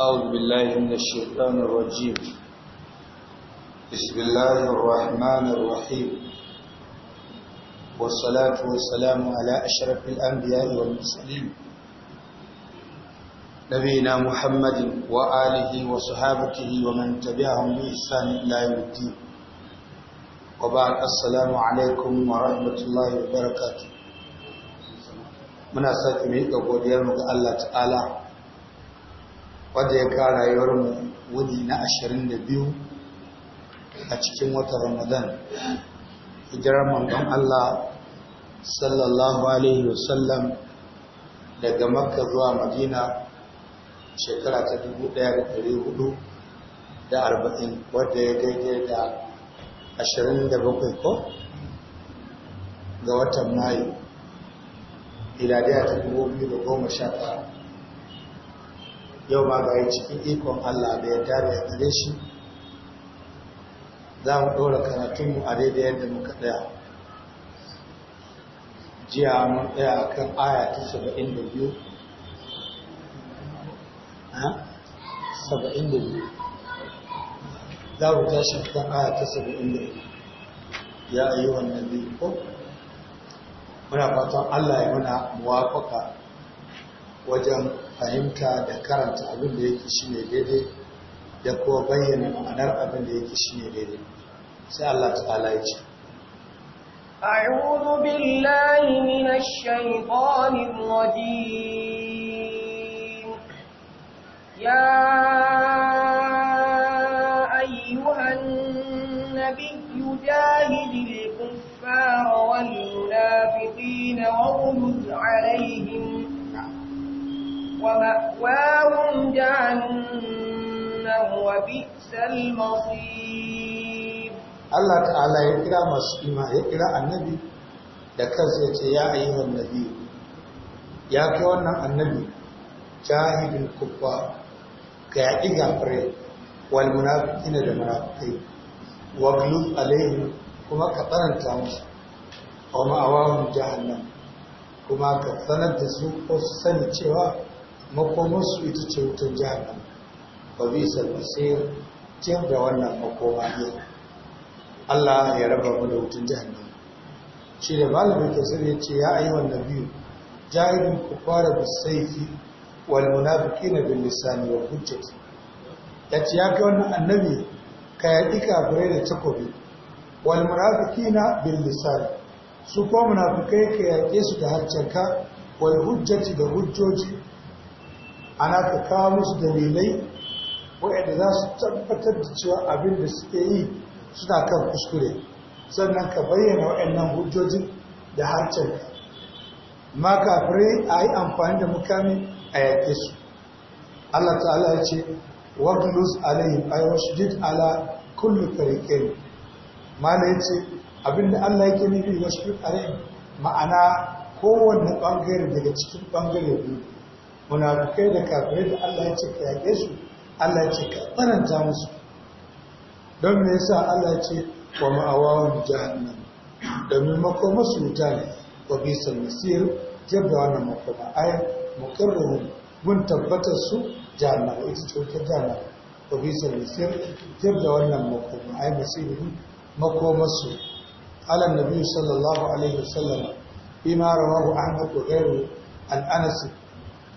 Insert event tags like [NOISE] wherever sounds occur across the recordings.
أعوذ بالله من الشيطان الرجيم بسم الله الرحمن الرحيم والصلاة والسلام على أشرف الأنبياء والمرسلين نبينا محمد وآله وصحابته ومن تبعهم بإحسان إلى يوم الدين وبعد السلام عليكم ورحمة الله وبركاته من sake miƙa godiyarmu ga Allah wadda ya ka mu wuni na 22 a cikin watan ramadan hijirar mangan Allah sallallahu alaihi wasallam daga makka zuwa madina shekara ta 1440 da arba'in wadda ya daidai da 27 ko ga watan mayu iladiya ta 2019 yau ma ga yi cikin ikon Allah da ya dare a gare shi za mu ɗora karatunmu a daidai yadda muka ɗaya jiya mun ɗaya a kan aya ta saba'in da biyu saba'in da biyu za mu tashi kan aya ta saba'in da biyu ya ayi wannan biyu ko muna fatan Allah ya muna muwafaka wajen fahimta da karanta abin da yake shi ne daidai da kuma bayyana ma'anar abin da yake shi ne daidai sai Allah ala ya ce أعوذ بالله من الشيطان الرجيم يا أيها النبي جاهد الكفار والمنافقين واغلظ عليهم ومأواهم جهنم وبئس المصير الله تعالى يقرأ مسلمة يقرأ النبي da kansa ya ce ya ayyuhan nabi ya kai wannan annabi jahidul kubba ga yaƙi gafare wal munafiqina da munafiqai wa glub alaihim kuma ka tsananta musu wa ma'awahum jahannam kuma ka sanar da su ko sani cewa makomarsu ita ce wutar jihar ba zai sai ciyar da wannan makoma ne Allah ya raba mu da wutar jihar shi da malamin sai ya ce ya ayi wannan biyu jahilin ku fara saifi, wal munafiki na bin lissani wa hujjati ya ce ya kai wannan annabi ka yaƙi kafirai da takobi wal munafiki na bin lissani su kuma munafikai ka yaƙe su da harcanka wal hujjati da hujjoji ana ka kawo musu dalilai waɗanda za su tabbatar da cewa abin da suke yi suna kan kuskure sannan ka bayyana waɗannan hujjoji da harcen ma kafirai a yi amfani da mukami a yake su Allah ta'ala ya ce waglus alayhim ay washdid ala kulli fariqain mana yace abinda Allah yake nufi washdid alayhim ma'ana kowanne bangare daga cikin bangare biyu munafikai da kafirai da Allah ya ce ka yage su Allah ya ce ka tsananta musu don me yasa Allah ya ce wa ma'awawan jahannam domin makoma su wuta ne wa bisan masir jabba wannan makoma ayan mukarrarun mun tabbatar su jahannam ita ce wuta jahannam wa bisan masir jabba wannan makoma ayan masirin makoma su ala nabi sallallahu alaihi wasallam bima rawahu ahmad wa ghayru an anas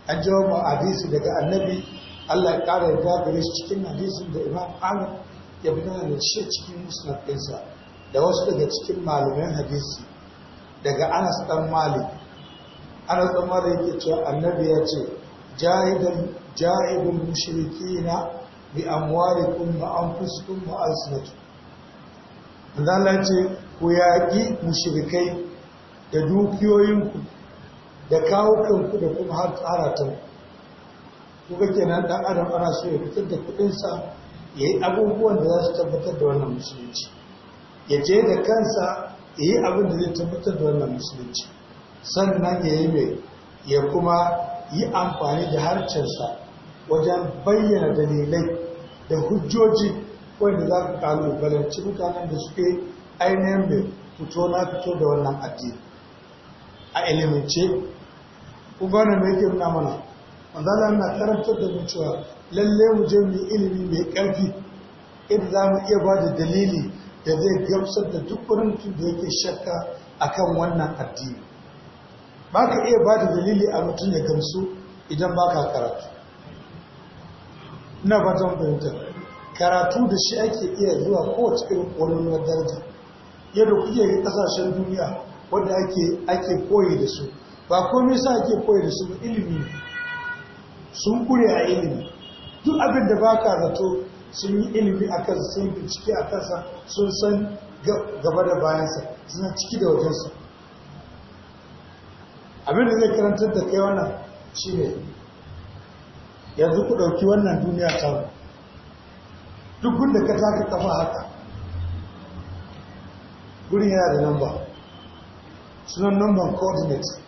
an jawo mu hadisi daga annabi Allah ya ƙara yarda gare shi cikin hadisin da Imam Ahmad ya bi nan shi cikin musnad ɗinsa da wasu daga cikin malaman hadisi daga Anas dan Malik Anas dan Malik yake cewa annabi ya ce jahidan jahidul mushrikina bi amwalikum wa anfusikum wa alsinatikum Allah ya ce ku yaƙi mushrikai da dukiyoyinku da kawo kanku da kuma har tsara ta ku ga kenan dan adam ana so ya fitar da kuɗinsa sa yayi abubuwan da za su tabbatar da wannan musulunci ya je da kansa yayi abin da zai tabbatar da wannan musulunci sannan ya yi mai ya kuma yi amfani da harcensa wajen bayyana dalilai da hujjoji wanda za ka kalubalanci mutanen da suke ainihin mai fito na fito da wannan addini a ilimince ku mai wannan da mana manzo na karantar da mu cewa lalle mu je mu ilimi mai karfi idan za mu iya ba da dalili da zai gamsar da duk wurin mutum da yake shakka akan wannan addini ba ka iya ba da dalili a mutum ya gamsu idan ba ka karatu na fatan fahimtar karatu da shi ake iya zuwa kowace irin ƙwallon daraja yadda kuke kasashen duniya wadda ake koyi da su ba komai sa ake koyar da su ilimi sun kure a ilimi duk abin da ba ka zato sun yi ilimi a kansa sun bincike a kansa sun san gaba da bayansa suna ciki da wajensu. abin da zai karantar da kai wannan shi ne yanzu ku ɗauki wannan duniya ta duk gunda ka taka kafa haka gurin yana da namba sunan namban coordinates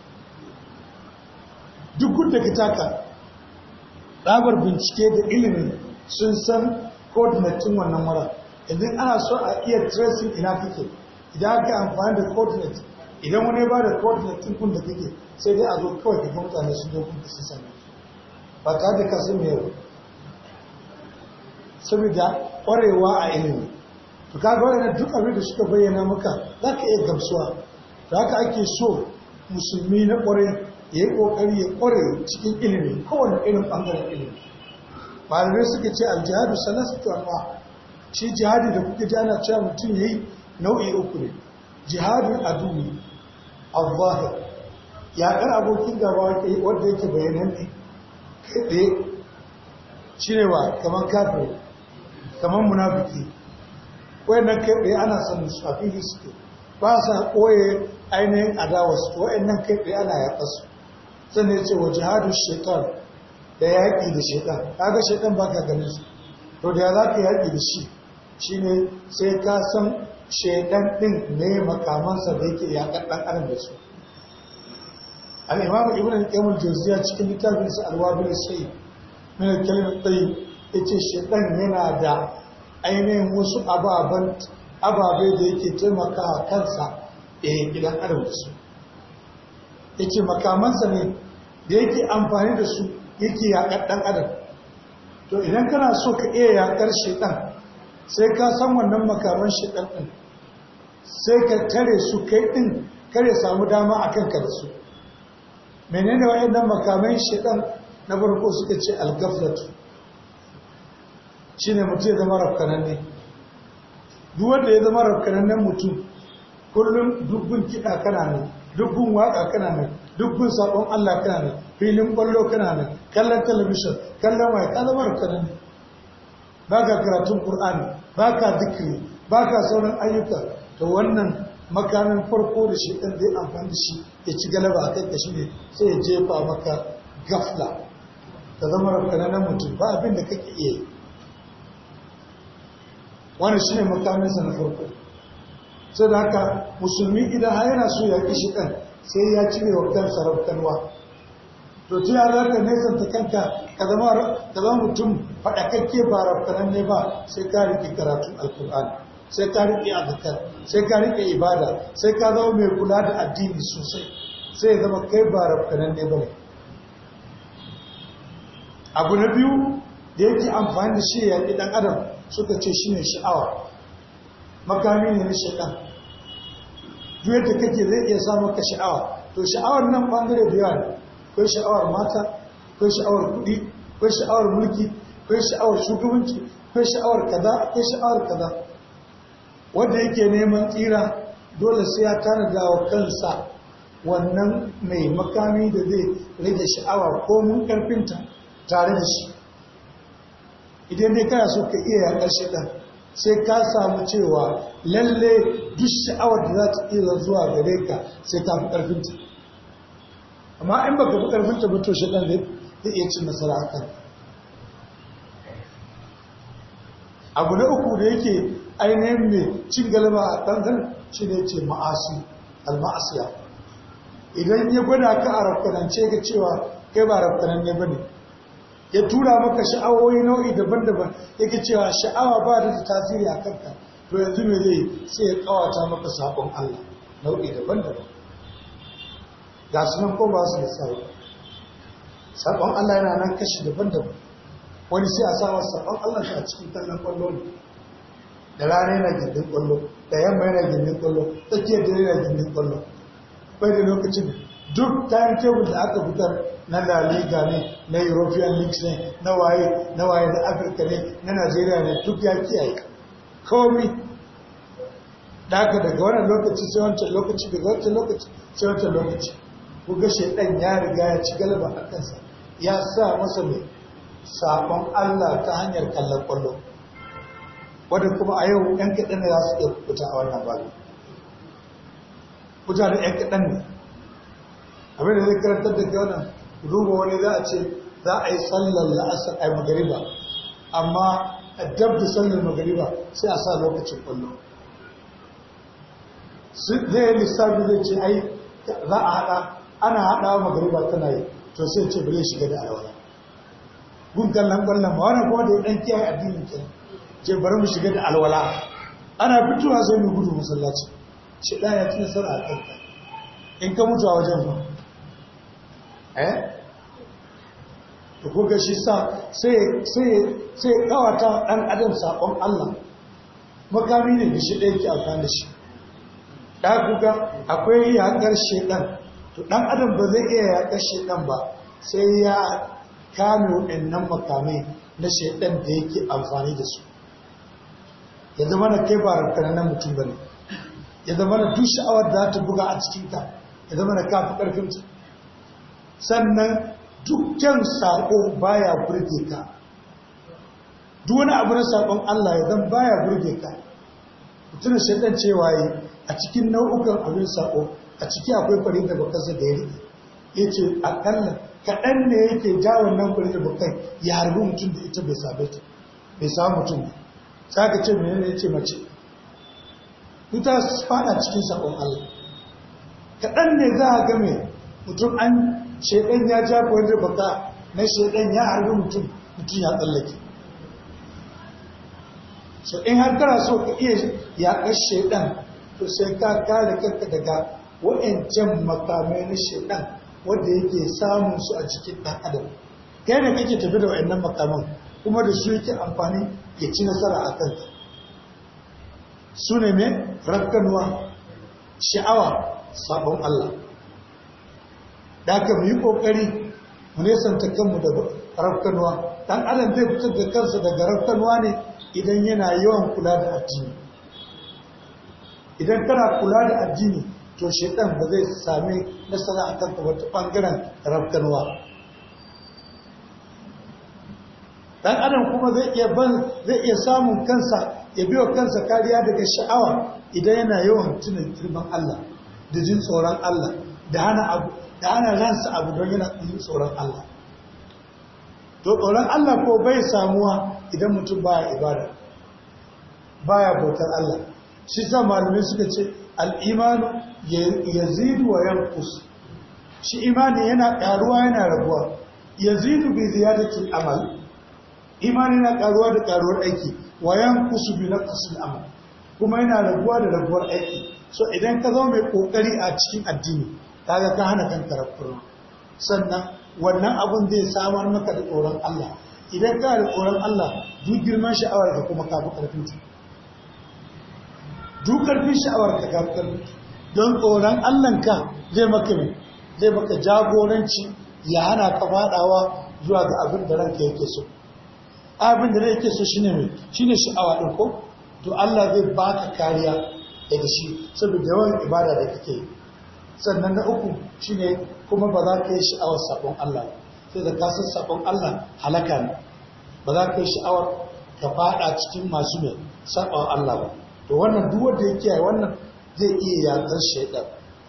duk gudda ka taka ɗabar bincike da ilimin sun san coordinating wannan mara idan ana so a iya tracing ina kake idan aka amfani da coordinate idan wani ba da coordinate kun da kake sai dai a zo kawai ka ga mutane sun zo da sun sami ba ta da kasu mai yau saboda ƙwarewa a ilimi to ka ga duk abin da suka bayyana maka za ka iya gamsuwa da haka ake so musulmi na ƙwarai ya yi ƙoƙari ya ƙware cikin ilimi kowane irin ɓangaren ilimi malamai suka ce aljihadu salatu tuwa shi jihadi da kuka ji ana cewa mutum ya yi nau'i uku ne jihadin aduni al ya ɗan abokin gaba wanda yake bayanan ne kai ɗaya. shi ne kamar kafin kamar munafiki wayannan kai ɗaya ana son su a fili suke ba sa ɓoye ainihin adawarsu wayannan kai ɗaya ana su. sannan ya ce wa jihadu shekar da yaƙi da shaitan kaga shekar ba ka ganin su to da ya za ka yaƙi da shi ne sai ka san shekar ɗin ne makamansa da yake yaƙar ɗan adam da su al'imam ibn al-qayyim jawziya cikin littafin sa al-wabil sayyid min al tayyib yace shaitan yana da ainihin wasu ababen da yake taimaka kansa eh idan adam su yace makamansa ne da yake amfani da su yake yaƙar ɗan adam to idan kana so ka iya yaƙar shaiɗan sai ka san wannan makaman shaiɗan ɗin sai ka tare su kai ɗin kar samu dama a kanka da su menene nan makaman ɗan na farko suka ce algaflatu ne mutum ya zama rafkananne duk wanda ya zama rafkanannen mutum kullum dubbin kiɗa kana ne duk waka kana nan duk sabon Allah kana nan filin ballo kana nan kallon talabishin kallon waya ka zama ba ka karatun ƙur'ani ba ka zikiri ba ka sauran ayyuka to wannan makamin farko da shi ɗan zai amfani shi ya ci galaba a kai shi ne sai ya jefa maka gafla ta zama mutum ba abin da kake iya yi wannan shi ne sa na farko sai da haka musulmi idan har yana so ya ƙi shi ɗan sai ya cire wa kan sarautarwa to ya yara ka ta kanka ka zama mutum faɗakakke ba rafkanan ne ba sai ka riƙe karatun alkur'ani sai ka riƙe azikar sai ka riƙe ibada sai ka zama mai kula da addini sosai sai zama kai ba rafkanan ne ba ne abu na biyu da yake amfani da shi ya ɗan adam suka ce shi ne sha'awa makami ne na shaitan duk yadda kake zai iya sa ka sha'awa to sha'awar nan bangare da yawa kai sha'awar mata kai sha'awar kuɗi kai sha'awar mulki kai sha'awar shugabanci kai sha'awar kaza kai sha'awar kaza wanda yake neman tsira dole sai ya tanada wa kansa wannan mai makami da zai rage sha'awa ko mun karfinta tare da shi idan dai kana so ka iya yakar shaitan sai ka samu cewa lalle duk sha'awar da za ta iya zuwa gare ka sai ta fi ƙarfinta amma in baka fi ƙarfinta ba to shaɗan zai iya cin nasara a kan abu na uku da yake ainihin mai cin galaba a ɗanɗan shi ne ce ma'asi alma'asiya idan ya gwada ka a rafkanance ga cewa kai ba rafkanan ne ba ne ya tura maka sha'awoyi nau'i daban-daban yake cewa sha'awa ba da ta tasiri a kanka to yanzu me zai sai ya kawata maka sabon Allah nau'i daban-daban ga su nan ko ba su da sabon Allah yana nan kashi daban-daban wani sai a sawa sabon Allah a cikin tallan kwallo ne da rana yana gindin kwallo da yamma yana gindin kwallo tsakiyar da yana gindin kwallo bai da lokacin duk tayin tebul da aka fitar na La Liga ne na European Leagues ne na waye na waye na Afirka ne na Najeriya ne duk ya kiyaye komai daga daga wannan lokaci sai wancan lokaci daga wancan lokaci sai wancan lokaci ku ga shedan ya riga ya ci galaba a kansa ya sa masa mai sakon Allah ta hanyar kallon kwallo wanda kuma a yau yan kaɗan za su iya kuta a wannan babu kuta da yan kaɗan ne abin da zai karantar da ke wannan duba wani za a ce za a yi sallar la'asar a magariba amma a dab da sallar magariba sai a sa lokacin kwallo zai yi lissafi zai ce ai za a haɗa ana haɗa magariba tana yi to sai ce bai shiga da alwala gun kallon kwallon ma wani kuma da ya ɗan kiyaye addinin kenan ce bari mu shiga da alwala ana fitowa sai mu gudu masallaci shi ɗaya ya ci nasara in ka mutu a wajen fa eh kuka shi sa sai kawata ɗan adam saƙon Allah makami ne da shi ɗaya ke amfani da shi ɗan kuka akwai yaƙar shaiɗan to ɗan adam ba zai iya yaƙar shaiɗan ba sai ya kame waɗannan makamai na shaiɗan da yake amfani da su ya zama na kai ba rankanannen mutum ba ne ya zama na duk sha'awar da ta buga a cikinta ya zama na kafa ƙarfinta sannan dukkan sako baya burge ka duwani abu na saƙon Allah ya zan baya burge ka mutum shaidan cewa yi a cikin nau'ukan abin sako a ciki akwai fari da bakansa da ya riƙe ya ce akalla kaɗan ne yake jawon nan fari da bakan ya harbi mutum da ita bai same ta bai samu mutum ba za ka ce menene ya ce mace ita fada cikin saƙon Allah kaɗan ne za a game mutum an shekan ya ja kuwa da baka na shekan ya harbi mutum mutum ya tsallake so in har kana so ka iya yaƙar shekan to sai ka kare kanka daga wa'ancan makamai na shekan wanda yake samun su a cikin ɗan adam kai ne kake tafi da wa'annan makaman kuma da su yake amfani ya ci nasara a kanka su ne me rakkanuwa sha'awa sabon Allah da aka mu yi ƙoƙari mu nesanta kanmu da rakanwa. ɗan adam zai fitar da kansa daga rafkanuwa ne idan yana yawan kula da addini idan kana kula da addini to shaitan ba zai sami nasara a kanka wata bangaren rafkanuwa dan adam kuma zai iya ban zai iya samun kansa ya biyo kansa kariya daga sha'awa idan yana yawan tunan girman Allah da jin tsoron Allah da hana abu da ana ransa abu don yana tsoron Allah to tsoron Allah ko bai samuwa idan mutum baya ibada baya bautar Allah shi sa malamai suka ce al'imanu yazidu wa yanqus shi imani yana ƙaruwa, yana raguwa yazidu bi ziyadatil amal imani yana ƙaruwa da ƙaruwar aiki wa yanqusu bi naqsil amal kuma yana raguwa da raguwar aiki so idan ka zama mai ƙoƙari a cikin addini kaga ka hana kanka rafkurma sannan wannan abun zai samar maka da tsoron Allah idan ka da tsoron Allah duk girman sha'awar ka kuma ka fi karfin ta duk karfin sha'awar ka ka fi karfin ta don tsoron Allah ka zai maka ne zai maka jagoranci ya hana ka fadawa zuwa ga abin da ranka yake so abin da yake so shine mai shine sha'awa din ko to Allah zai baka kariya daga shi saboda yawan ibada da kake yi sannan na uku shine kuma ba za ka yi sha'awar sabon Allah sai da kasar sabon Allah halaka ne ba za ka yi sha'awar ka fada cikin masu mai sabon Allah ba to wannan duk wanda ya kiyaye wannan zai iya yakar shaidan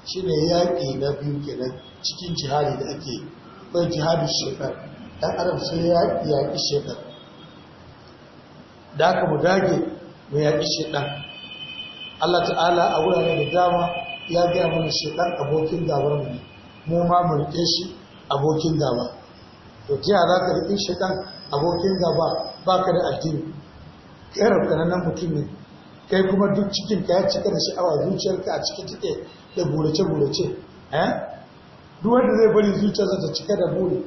shine yaƙi na biyu kenan cikin jihari da ake bai jihari shaidar dan adam sai ya yaƙi shaidar da aka mu dage mu yaƙi shaidar Allah ta'ala a wurare da dama ya gaya mana shaitan abokin gabar mu mu ma mu rike shi abokin gaba to ta yaya za ka shi shaitan abokin gaba ba ka da addini kai nan mutum ne kai kuma duk cikin ka ya cika da sha'awa zuciyarka a cike take da burace-burace eh duk wanda zai bari zuciyarsa ta cika da buri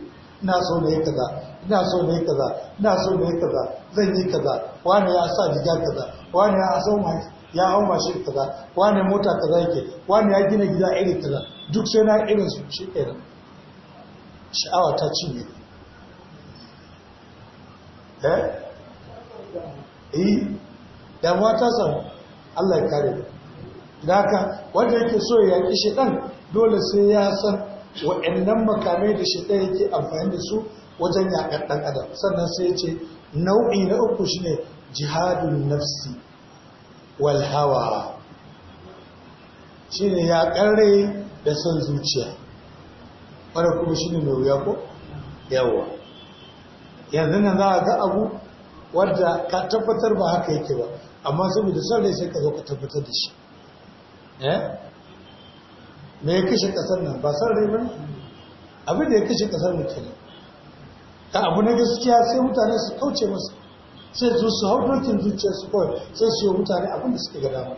ina so na yi kaza ina so na yi kaza ina so na yi kaza zan yi kaza wani ya sa riga kaza wani ya so mai ya hau mashi kaza wani mota kaza yake wani ya gina gida iri kaza duk sai na irin su shi irin sha'awa ta cinye eh eh damuwa ta samu Allah ya kare da haka wanda yake so ya shi shedan dole sai ya san wa'annan makamai da shedan yake amfani da su wajen yaƙar ɗan adam sannan sai ce nau'i na uku shine jihadun nafsi walhawa shi ne ya ƙarre da son zuciya wadda kuma shi ne mai wuya ko yawa yanzu nan za a ga abu wadda ka tabbatar ba haka yake ba amma saboda son rai sai ka zo ka tabbatar da shi eh? me ya kashe ƙasar nan ba son rai ba ne abin da ya kashe ƙasar nan kenan abu na gaskiya sai mutane su kauce masa sai zo su hau dokin su kawai sai su yi mutane abin da suka gada ba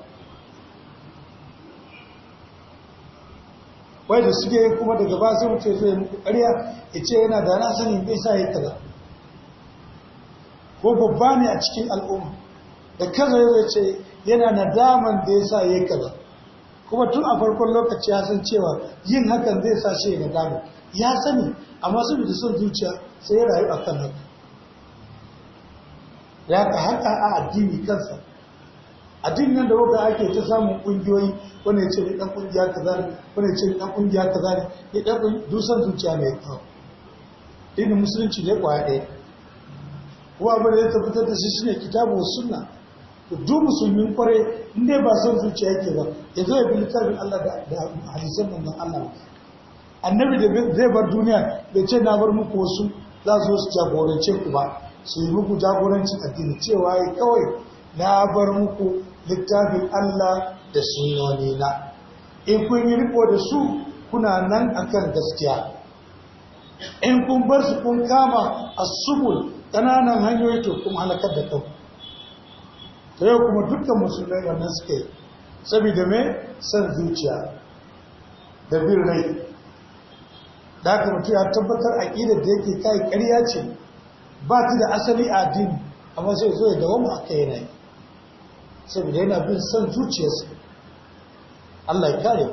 wai da suke kuma daga ba sai mutu zai muku ƙarya ya ce yana da na sanin bai sa ya kaza ko babba ne a cikin al'umma da kaza ya ce yana nadaman da ya sa ya kaza kuma tun a farkon lokaci ya san cewa yin hakan zai sa shi ya nadama ya sani amma saboda son zuciya sai ya rayu a kan da ka haka a addini kansa addini nan da wata ake ta samun kungiyoyi wani ya ce ni ɗan kungiya kaza ne wani ya ce ni ɗan kungiya kaza ne ya dan dusan zuciya mai kawo dinin musulunci ne ƙwaya ɗaya kuma abin da ya tabbatar da shi shine kitabu sunna duk musulmin kware, in dai ba son zuciya yake ba ya zo ya bi littafin Allah da hadisan manzon Allah annabi da zai bar duniya bai ce na bar muku wasu za su su jagorance ku ba su yi muku jagorancin addini cewa ya kawai na bar muku littafin Allah da sunoni na in kun yi riko da su kuna nan akan gaskiya in kun bar su kun kama a subul ƙananan hanyoyi to kuma halakar da kanku ta yau kuma dukkan musulmai wannan suke sabida saboda mai san zuciya da bin rai da aka mutu ya tabbatar aƙidar da yake kai ƙarya ce ba ta da asali a addini amma sai zo ya dawama a kai yanayi saboda yana bin son zuciyarsa Allah ya kare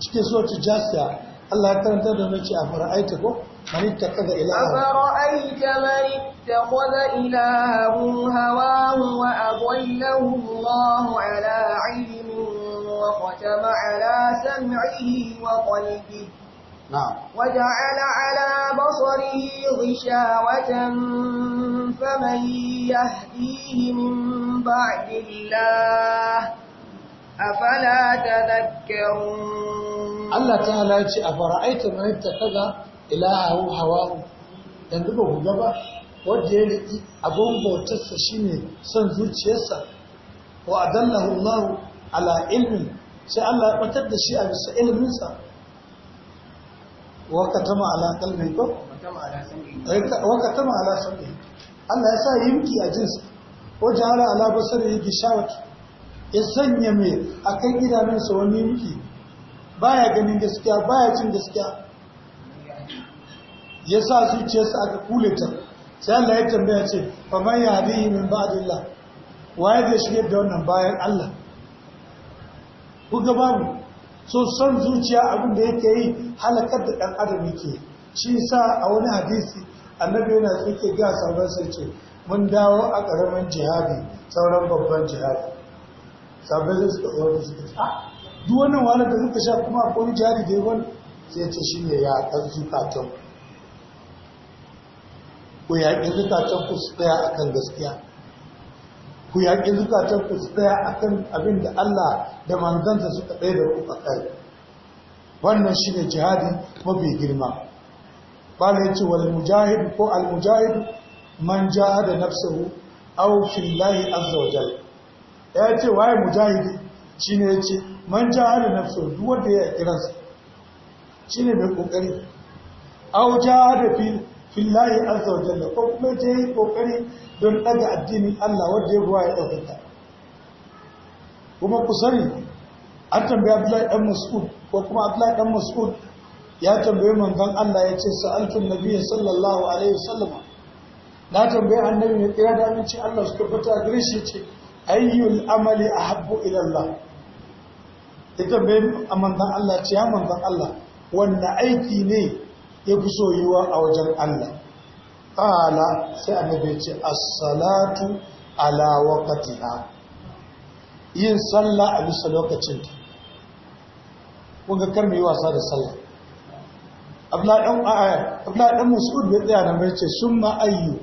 cikin suratul jasiya Allah ya karanta da mace a fara'aita ko من اتخذ إلهه أفرأيت من wa إلهه هواه وأضله الله على علم وختم على wa وقلبه نعم وجعل على بصره غشاوة فمن يهديه من بعد الله أفلا تذكرون الله تعالى أفرأيت من اتخذ إلهه هواه يندبه جبا wadda ya riƙi abin bautarsa shi ne son zuciyarsa wa adallahu Allah ala ilmin sai Allah ya ɓatar da shi a bisa ilminsa wakatama ala kalbi ko wakatama ala sabbi Allah ya sa yimki a jinsa ko jahara ala basari gishawati ya sanya mai akan idanunsa wani yimki baya ganin gaskiya baya cin gaskiya ya sa zuciyarsa aka kule ta sai Allah ya tambaya ce fa man yahdihi min ba'dillah waye zai shigar da wannan bayan Allah ku ga babu so son zuciya abin da yake yi halakar da ɗan adam yake shi sa a wani hadisi annabi yana so yake ga sauran sarki mun dawo a ƙaramin jihadi sauran babban jihadi sabbin zai suka tsoron suka ce ah duk wani wani da suka sha kuma akwai jihadi da yawan sai ce shi ne ya ɗan zukatan ku yaƙi zukatan ku su tsaya akan gaskiya ku yaƙi zukatan ku su tsaya akan abin da Allah da manzansa suka ɗaya da ku kai wannan shi ne jihadi mafi girma bala yace wal mujahid ko al mujahid man jahada nafsahu aw fillahi azza wajal ya ce waye ne ya ce man jahada nafsahu duk wanda ya Shi ne mai kokari aw jahada fi fillahi azza wa jalla ko kuma je yi kokari don daga addinin Allah wanda ya ruwa ya ɗaukata kuma ku sani an tambaye Abdullahi dan Mas'ud ko kuma Abdullahi dan Mas'ud ya tambaye manzon Allah ya ce sa'altun nabiyyi sallallahu alaihi wasallam na tambaye annabi ne tsira da aminci Allah su tabbata gare shi ce ayyul amali ahabbu ila Allah ya tambaye manzon Allah ce ya manzon Allah wanda aiki ne ya fi so soyuwa a wajen Allah ƙala sai annabi ce assalatu ala ha, yin sallah a bisa lokacin ta kun kar mu wasa da sallah Abdullahi dan Abdullahi dan Mas'ud bai tsaye na mai ce summa ayyu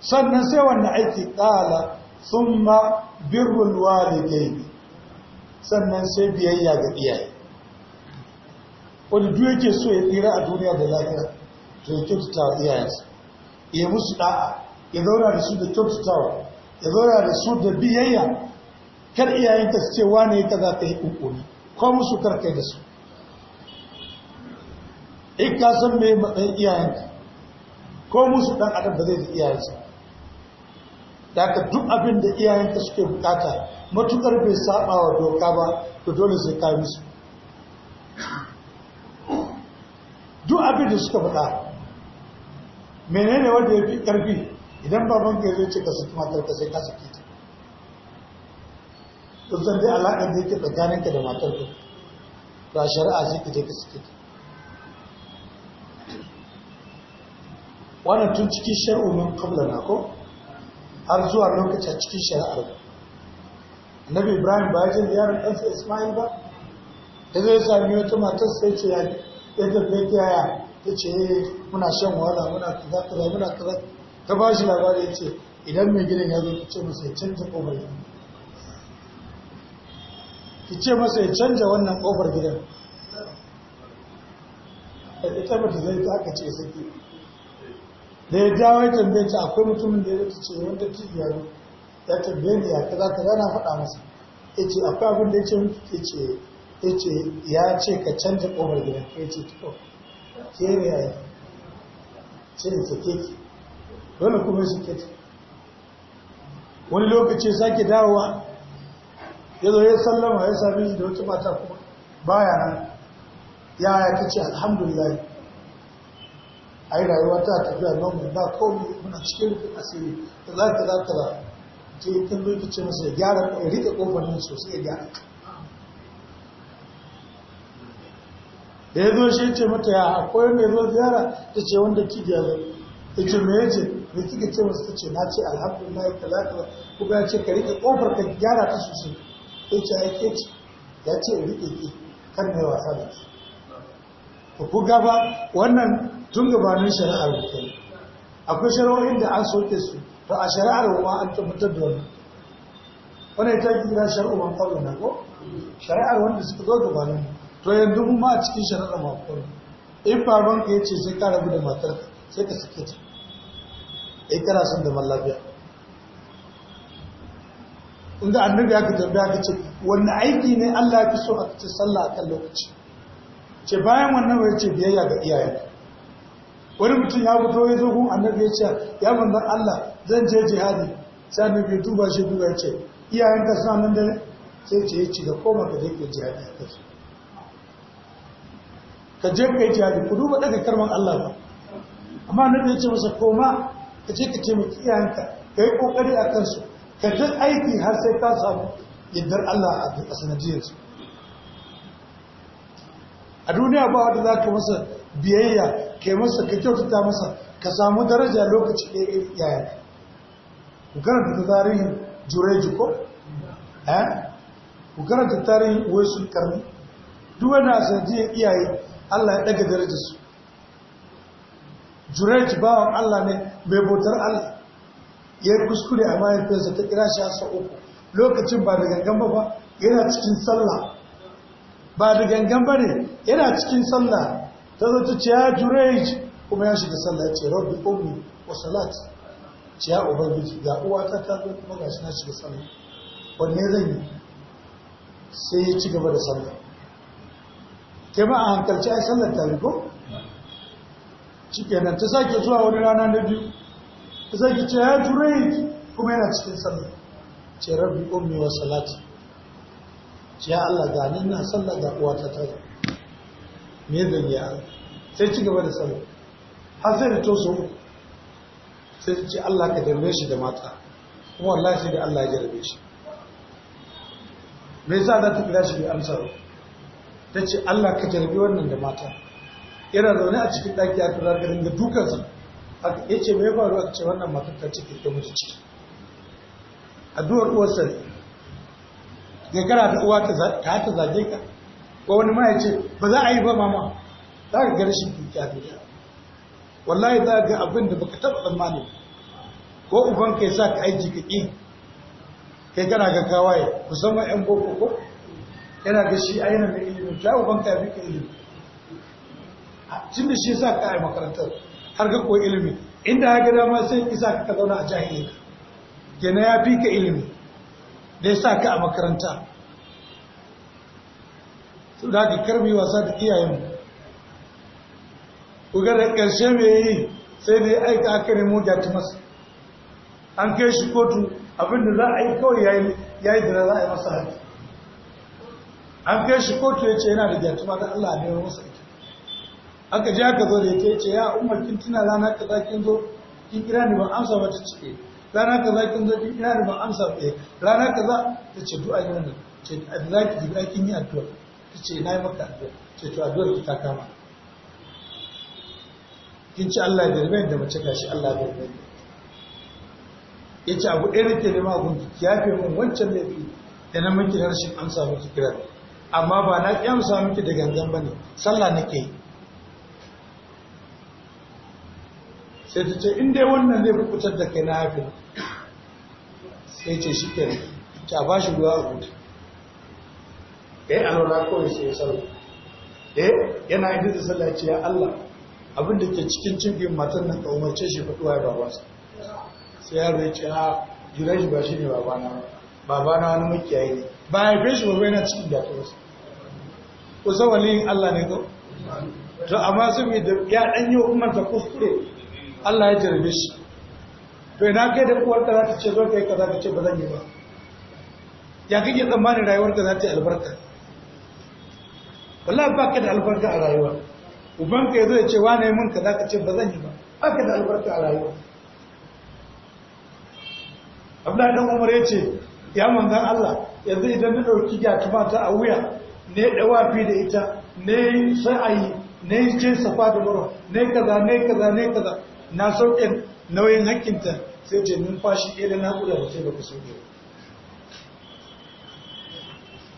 sannan sai wannan aiki ƙala summa birrul walidaini sannan sai biyayya ga iyaye wani duk yake so ya tsira a duniya da lafiya to ya kyautata wa iyayensa ya musu da'a ya zaura da su da kyautatawa ya zaura da su da biyayya kar iyayenka su ce wane ya za ka yi kokori ko musu kar kai da su in ka san me matsayin iyayenka ko musu dan adam ba zai da iyayensa da ka duk abin da iyayenka suke bukata matukar bai saba wa doka ba to dole sai kai musu duk abin da suka faɗa menene wanda ya fi ƙarfi idan baban ka zai ce ka saki matar ka sai ka saki ta kun san dai alaƙar da yake tsakaninka da matar ka ba shari'a zai ka je ka saki ta wannan tun cikin shar'u min qabla na ko har zuwa lokacin cikin shari'ar Annabi Ibrahim ba ya je ziyarar ɗansa Ismail ba, ya zai sami wata matar sai ce ya ya tafi ta yaya ta ce eh, muna shan wahala muna kaza kaza muna kaza ta ba shi labari ce idan mai gidan ya zo ta ce masa ya canza ƙofar gidan ki ce masa ya canza wannan ƙofar gidan da ita ba ta zai ta aka ce saki da ya dawo ya tambaye ta akwai mutumin da ya ta ce wanda tijiya ya tambaye ni ya kaza kaza na faɗa masa ya ce akwai abin da ya ce mutu ya ce yace ya ce ka canza kofar gidan ya ce to ke ne ya yi, ce in sake ki dole kuma su ke wani lokaci sake dawowa ya zo ya sallama ya sami shi da wata mata kuma baya nan ya ya ta ce alhamdulillah a yi rayuwa ta tafiya nan mu ba kawai muna cikin rufin asiri da za ta za ta ba ce ta zo ta ce masa ya gyara ya rike kofar nan sosai ya gyara da ya zo shi ce mata ya akwai wanda ya zo ziyara ta ce wanda ki ya zo ta ce me yace da kika ce masu ta ce na ce alhamdulillah ya talaka kuma ya ce ka rike kofar ka gyara ta sosai ta ce ya ke ce ya ce rike ki kan mai wasa da ki ku ku gaba wannan tun gabanin shari'ar mutum akwai shari'o'in da an soke su to a shari'ar ma an tabbatar da wannan wannan ita kira shari'ar man kawo na ko shari'ar wanda suka zo gabanin mu to yanzu mu ma cikin shari'ar mafakon in baban ka yace sai ka rabu da matar sai ka sake ta eh kana son da mallabiya. inda annabi ka tambaya aka ce wani aiki ne Allah ya fi so a ce sallah akan lokaci ce bayan wannan wai ce biyayya ga iyayenka wani mutum ya fito ya zo gun annabi ya ce ya manzon Allah zan je jihadi sai annabi ya shi duba ya ce iyayenka suna nan da sai ce ya ci da koma ka je jihadi ka ka je ka yi jihadi ku duba daga karman Allah ba amma na ya ce masa koma ka je ka ce mu kiyanka ka yi kokari a kansu ka ta aiki har sai ka samu yaddar Allah a sanadiyarsu a duniya ba wanda za ka masa biyayya ka yi masa ka kyautata masa ka samu daraja lokaci ɗaya yaya ku karanta tarihin jureji ko eh? ku karanta tarihin waisul karni duk wanda a sanadiyar iyaye Allah ya daga daraja su Jurayj bawan Allah ne mai bautar Allah ya kuskure a mahaifinsa ta kira shi a uku lokacin ba da gangan ba yana cikin sallah ba da gangan ba ne yana cikin sallah ta zata ce ya jurej kuma ya shiga sallah ce rabbi ummi wa salat ce ya ubangiji ga uwata ta zo kuma ga shi na shiga sallah wanne zan yi sai ya ci gaba da sallah ke ma a hankalci ai sallar tare ko shikenan ta sake zuwa wani rana na biyu ta sake ce ya turai kuma yana cikin sallar ce rabbi ummi wa salati ce ya Allah ga na sallar da uwata ta me zan yi Allah sai ci gaba da sallar har sai da to so sai ce Allah ka jarbe shi da mata kuma wallahi sai da Allah ya jarbe shi me yasa za ta kira shi bai amsa ba ta ce Allah ka jarbi wannan da mata yana zaune a cikin ɗaki a tura da dukansu. dukansa ya ce mai faru a ce wannan matar ta ciki ta mutu ciki addu'ar uwarsa ne kana da uwa ta ta zage ka ko wani ma ya ce ba za a yi ba mama za ka ga rashin dukiya duniya wallahi za ga abin da baka taɓa tsammani ko uban kai sa ka aiki ka ƙi kai kana ga kawaye musamman yan boko ko yana ga shi ainihin ya uban ka ya fi ka ilimi tun da shi sa ka a makarantar har ka koyi ilimi inda ya gada ma sai isa ka ka zauna a jahilin gina ya fi ka ilimi da ya sa ka a makaranta su da ka karbi wasa da iyayen ku ga da ƙarshe mai yi sai da ya aika aka nemo gyatumas an kai shi kotu abinda za a yi kawai ya yi da za a yi masa hajji an kai shi kotu ya ce yana da gyatuma da Allah ne masa ita aka je aka zo da ya ce ya umar kin tuna rana ka za kin zo kin kira ni ban amsa ba ta cike eh. rana ka za kin zo kin kira ni ban amsa ba eh. rana ka za ta ce du'a ne wannan ce da za ki gida kin yi addu'a ta ce na yi maka addu'a ce to addu'ar ki ta kama kin ci Allah da rubai da mace gashi Allah da rubai ya ce abu ɗaya nake da abun ki yafe mun wancan laifi da na maki rashin amsa ba ki kira ni amma ba na kyamsa miki da gangan ne, sallah nake yi sai ta ce in dai wannan zai fitar da kai na haifin sai ce shi ke ta ba shi ruwa a hutu ya yi alwala kawai sai ya sauri da yana yi da sallah ce ya Allah abin da ke cikin cikin matan nan kawumarce shi faɗuwa ya babansa sai ya ya ce ha ah, jiran shi ba shi ne babana babana wani makiyayi ne ba ya fi shi babana cikin da ta wasu kusa yin Allah ne ko to amma su da ya ɗan yi umman ta kuskure Allah ya jarbe shi to ina kai da kuwar ka za ta ce zo kai kaza ta ce ba zan yi ba ya kake tsammanin rayuwar ka za ta yi albarka wallahi ba ka da albarka a rayuwa uban ya zo ya ce wane mun kaza ka ce ba zan yi ba ba ka da albarka a rayuwa Abdullahi dan Umar ya ce ya manzan Allah yanzu idan na dauki gatuma ta a wuya ne dawafi da ita ne sa'ayi ne ce safa da mura ne kaza ne kaza ne kaza na sauƙin nauyin hakkinta sai ce numfashi ɗaya da naƙuda da sai ba ku sauƙe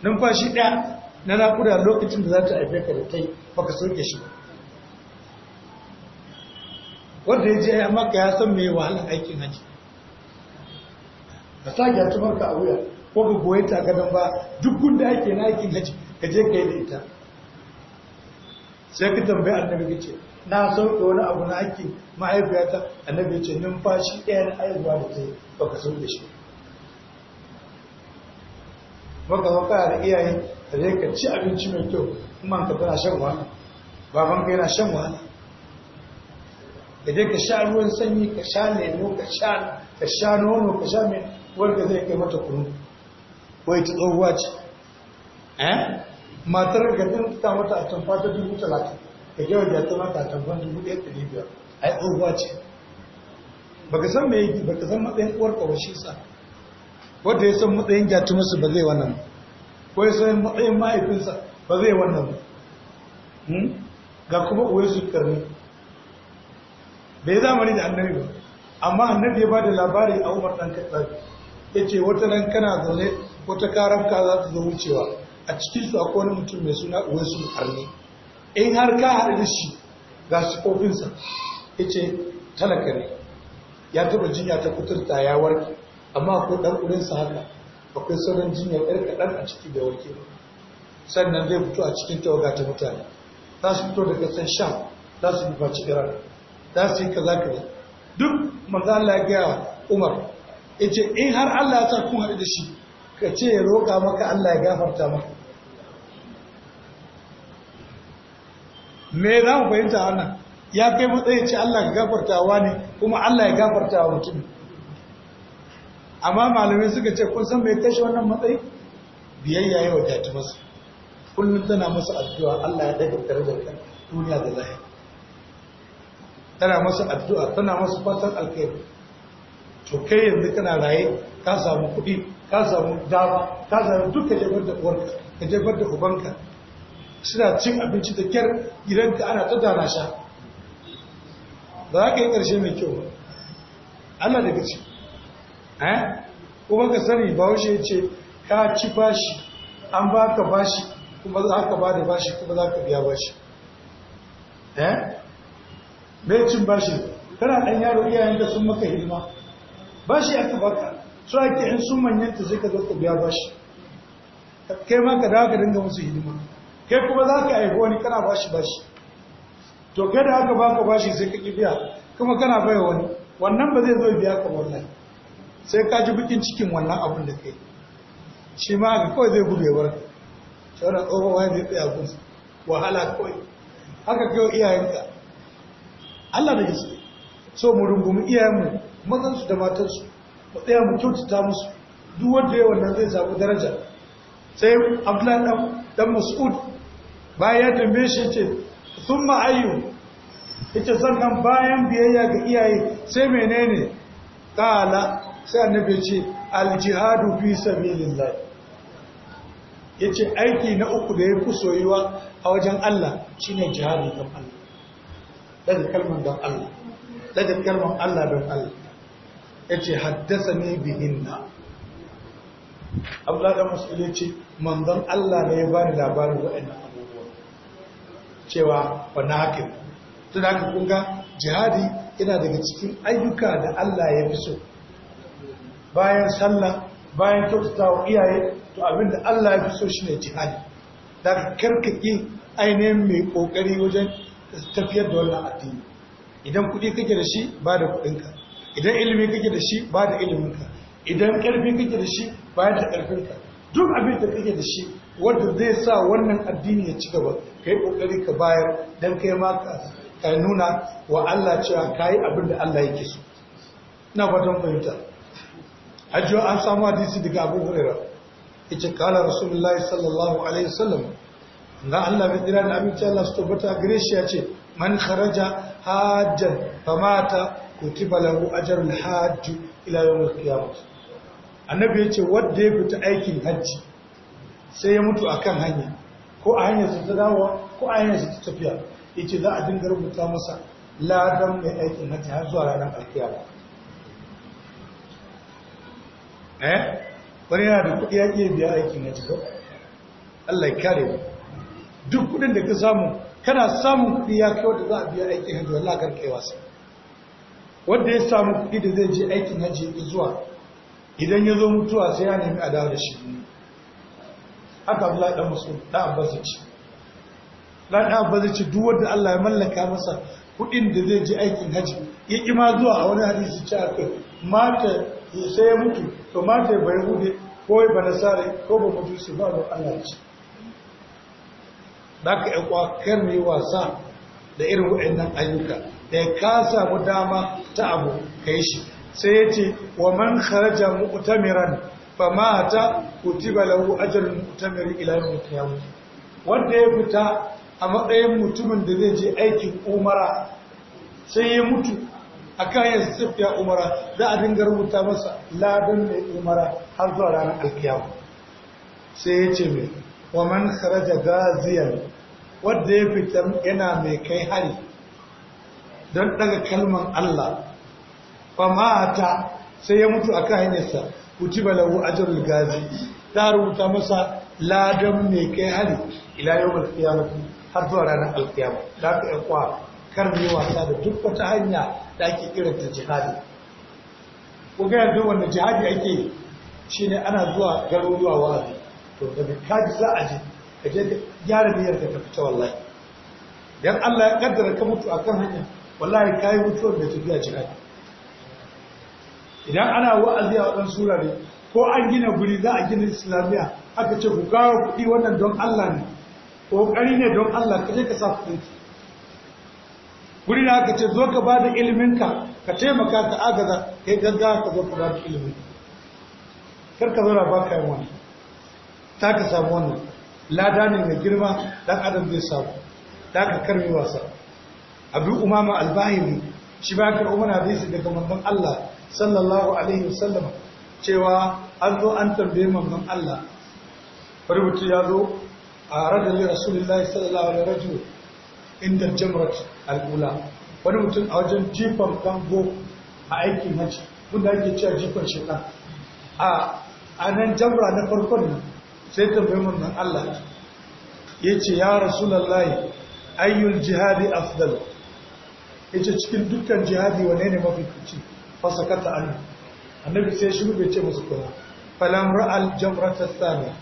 numfashi ɗaya na naƙuda lokacin da za ta haife ka da kai ba ka sauke shi ba wanda ya je ya maka ya san mai wahalar aikin haji ka sa ya a wuya ko ka goyi takadan ba duk gunda yake na aikin haji ka je ka yi da ita sai ka tambayi annabi kace na sauke wani abu na haƙƙin mahaifiyata annabi ce numfashi ɗaya na haihuwa da ta yi ba ka sauke shi ka maka da iyaye ka je ka ci abinci mai kyau kuma ka tana shan wahala baban ka yana shan wahala ka je ka sha ruwan sanyi ka sha lemo ka sha nono ka sha mai wanda zai kai mata kunu wai ta tsohuwa ce eh matar ga ta ta mata a tamfa ta dubu talatin da gyawar da ta mata a tamfan dubu ɗaya ɗari biyar a yi tsohuwa ce ka san mai ba ka san matsayin uwar ƙawashi sa wanda ya san matsayin gyatumarsa ba zai wannan ko ya san matsayin mahaifinsa ba zai wannan hmm? ga kuma uwe su karni bai zamani da annabi ba amma annabi ya ba da labari a umar ɗan kaɗa ya ce wata nan kana zaune wata karamka za ta zo wucewa a cikinsu akwai wani mutum mai suna wasu arni in har ka haɗu da shi ga sifofinsa ya ce talaka ne ya taba jinya ta kuturta ya warke amma akwai ɗan ƙurinsa haka akwai sauran jinya ɗan kaɗan a ciki da warke sannan zai fito a cikin tawaga ta mutane za su fito da ƙasar sham za su yi faci gara za su yi kaza kaza duk manzo Allah ya gaya Umar ce in har Allah ya sa kun haɗu da shi ka ce ya roƙa maka Allah ya gafarta maka me za mu fahimta wannan ya kai matsayi ce Allah ya gafarta wa ne kuma Allah ya wa mutum amma malamai suka ce kun san mai kashe wannan matsayi biyayya ya wadatu masa kullum tana masa addu'a Allah ya daga da ka duniya da lahira tana masa addu'a tana masa fatan alkhairi to kai yanzu kana raye ka samu kuɗi ka samu dama ka samu duk ka jefar da uwarka ka jabar da ubanka suna cin abinci da kyar gidanka ana ta dana sha ba za ka yi ƙarshe mai kyau ba Allah daga ci eh kuma ka sani ba wuce ce ka ci bashi an ba ka bashi kuma za ka ba da bashi kuma za ka biya bashi eh mai cin bashi kana ɗan yaro iyayen da sun maka hidima bashi aka baka so ake in sun manyanta sai ka zo ka biya bashi kai ma ka dawo ka dinga musu hidima kai kuma za ka aiko wani kana bashi bashi to kai da haka ba bashi sai ka biya kuma kana bai wani wannan ba zai zo biya ka wallahi sai ka ji bikin cikin wannan abin da kai shi ma ga kawai zai gube ya bar tsohon wani zai tsaya wahala kawai haka kai iyayenka Allah da gaske so mu rungumi iyayenmu mazansu da matansu ɗaya mu kyautata musu duk wanda ya wannan zai zaɓi daraja sai abdullahi ɗan dan mas'ud bayan ya tambaye shi ce thumma ayyu yace sannan bayan biyayya ga iyaye sai menene ƙala sai annabi ce al jihadu fi Ya ce aiki na uku da ya fi soyuwa a wajen Allah shine jihadi don Allah ɗaga kalmar don Allah ɗaga kalmar Allah don Allah ya ce haddasa ne bihinna abdullahi da masu ya ce manzan Allah ne ya bani labarin waɗannan abubuwa cewa wani haka tun haka kunga jihadi yana daga cikin ayyuka da Allah ya fi so bayan sallah bayan kyautata wa iyaye to abinda Allah ya fi so shi ne jihadi da karkaki ainihin mai kokari wajen tafiyar da wannan addini idan kuɗi kake da shi ba da kuɗinka idan ilimi kake da shi ba da iliminka idan ƙarfi kake da shi ba da ƙarfinka duk abin da kake da shi wanda zai sa wannan addini ya ci gaba ka yi ƙoƙari ka bayar don kai ma ka nuna wa Allah cewa ka yi abin da Allah yake so na fatan fahimta hajjiyo an samu hadisi daga abu hurera ita kala rasulullahi sallallahu alaihi wasallam na Allah mai tsira da aminci Allah su tabbata gare shi ya ce man kharaja hajjan famata kutiba lahu ajrul hajj ila yawmil qiyamah annabi yace wanda ya fita aikin hajji sai ya mutu akan hanya ko a hanyar su ta ko a hanyar su ta tafiya yace za a dinga rubuta masa ladan mai aikin hajji har zuwa ranar alkiyama eh wani yana da kuɗi ya iya biya aikin hajji ko Allah ya kare mu duk kuɗin da ka samu kana samun kuɗi ya kai wanda za a biya aikin hajji wallahi karkai wasa wanda ya samu kuɗi da zai je aikin hajji zuwa idan ya zo mutuwa sai ya nemi adawa da shi aka bula ɗan musu ɗan bazici ɗan ɗan bazici duk wanda Allah ya mallaka masa kuɗin da zai je aikin hajji ya ƙi ma zuwa a wani hadisi ce a mata sai ya mutu to mata ya bai hude ko ya bana sare ko ba mutu su ba Allah ce da ka kwakar wasa da irin waɗannan ayyuka da kasa ku dama ta abu ka yi shi sai ya ce wa man kharaja mu'tamiran fa mata kutiba lahu ajrul mu'tamir ila yawm al-qiyamah wanda ya fita a matsayin mutumin da zai je aikin umara sai ya mutu akan ya tafiya umara za a dinga rubuta masa ladan mai umara har zuwa ranar alkiyama sai ya ce mai wa man kharaja gaziyan wanda ya fita yana mai kai hari don daga kalman Allah fa mata sai ya mutu a akan hanyarsa balawu a jirgin gazi ta rubuta masa ladan mai kai hari ilayen yawmul har zuwa ranar alfiyar da yi kwa kar wasa da duk wata hanya da ake kiran jihadi ko gaya yanzu wanda jihadi ake shine ana zuwa garuruwa wa'azi to da kaji za a je ka je gyara niyyar ka ta fita wallahi dan Allah ya kaddara ka mutu akan hanyar. wallahi kayi mutuwar da tafiya ce ake idan ana wa'azi a wadan sura ne ko an gina guri za a gina islamiyya aka ce ku kawo kuɗi wannan don Allah ne ƙoƙari ne don Allah ka je ka sa kuɗin ki guri da aka ce zo ka ba da iliminka ka taimaka ka agaza ka yi gaggawa ka zo ka ba da ilimin kar ka zauna ba ka yi wani ta ka samu wannan lada ne mai girma dan adam zai samu ta ka karmi wasa abu umama albahiri shi ba karɓo mana hadisi daga manzon Allah sallallahu alaihi wasallam cewa an zo an tambaye manzon Allah rubutu ya zo a radalin rasulullahi sallallahu alaihi wasallam inda jamrat al'ula wani mutum a wajen jifan bango a aikin hajji wanda ake cewa jifan shekar a anan jamra na farkon nan sai tambaye manzon Allah ya ce ya rasulullahi ayyul jihadi afdal yace cikin dukkan jihadi wane ne mafi kici fasakata an annabi sai shiru bai ce musu kowa falam ra'al jamrata thaniya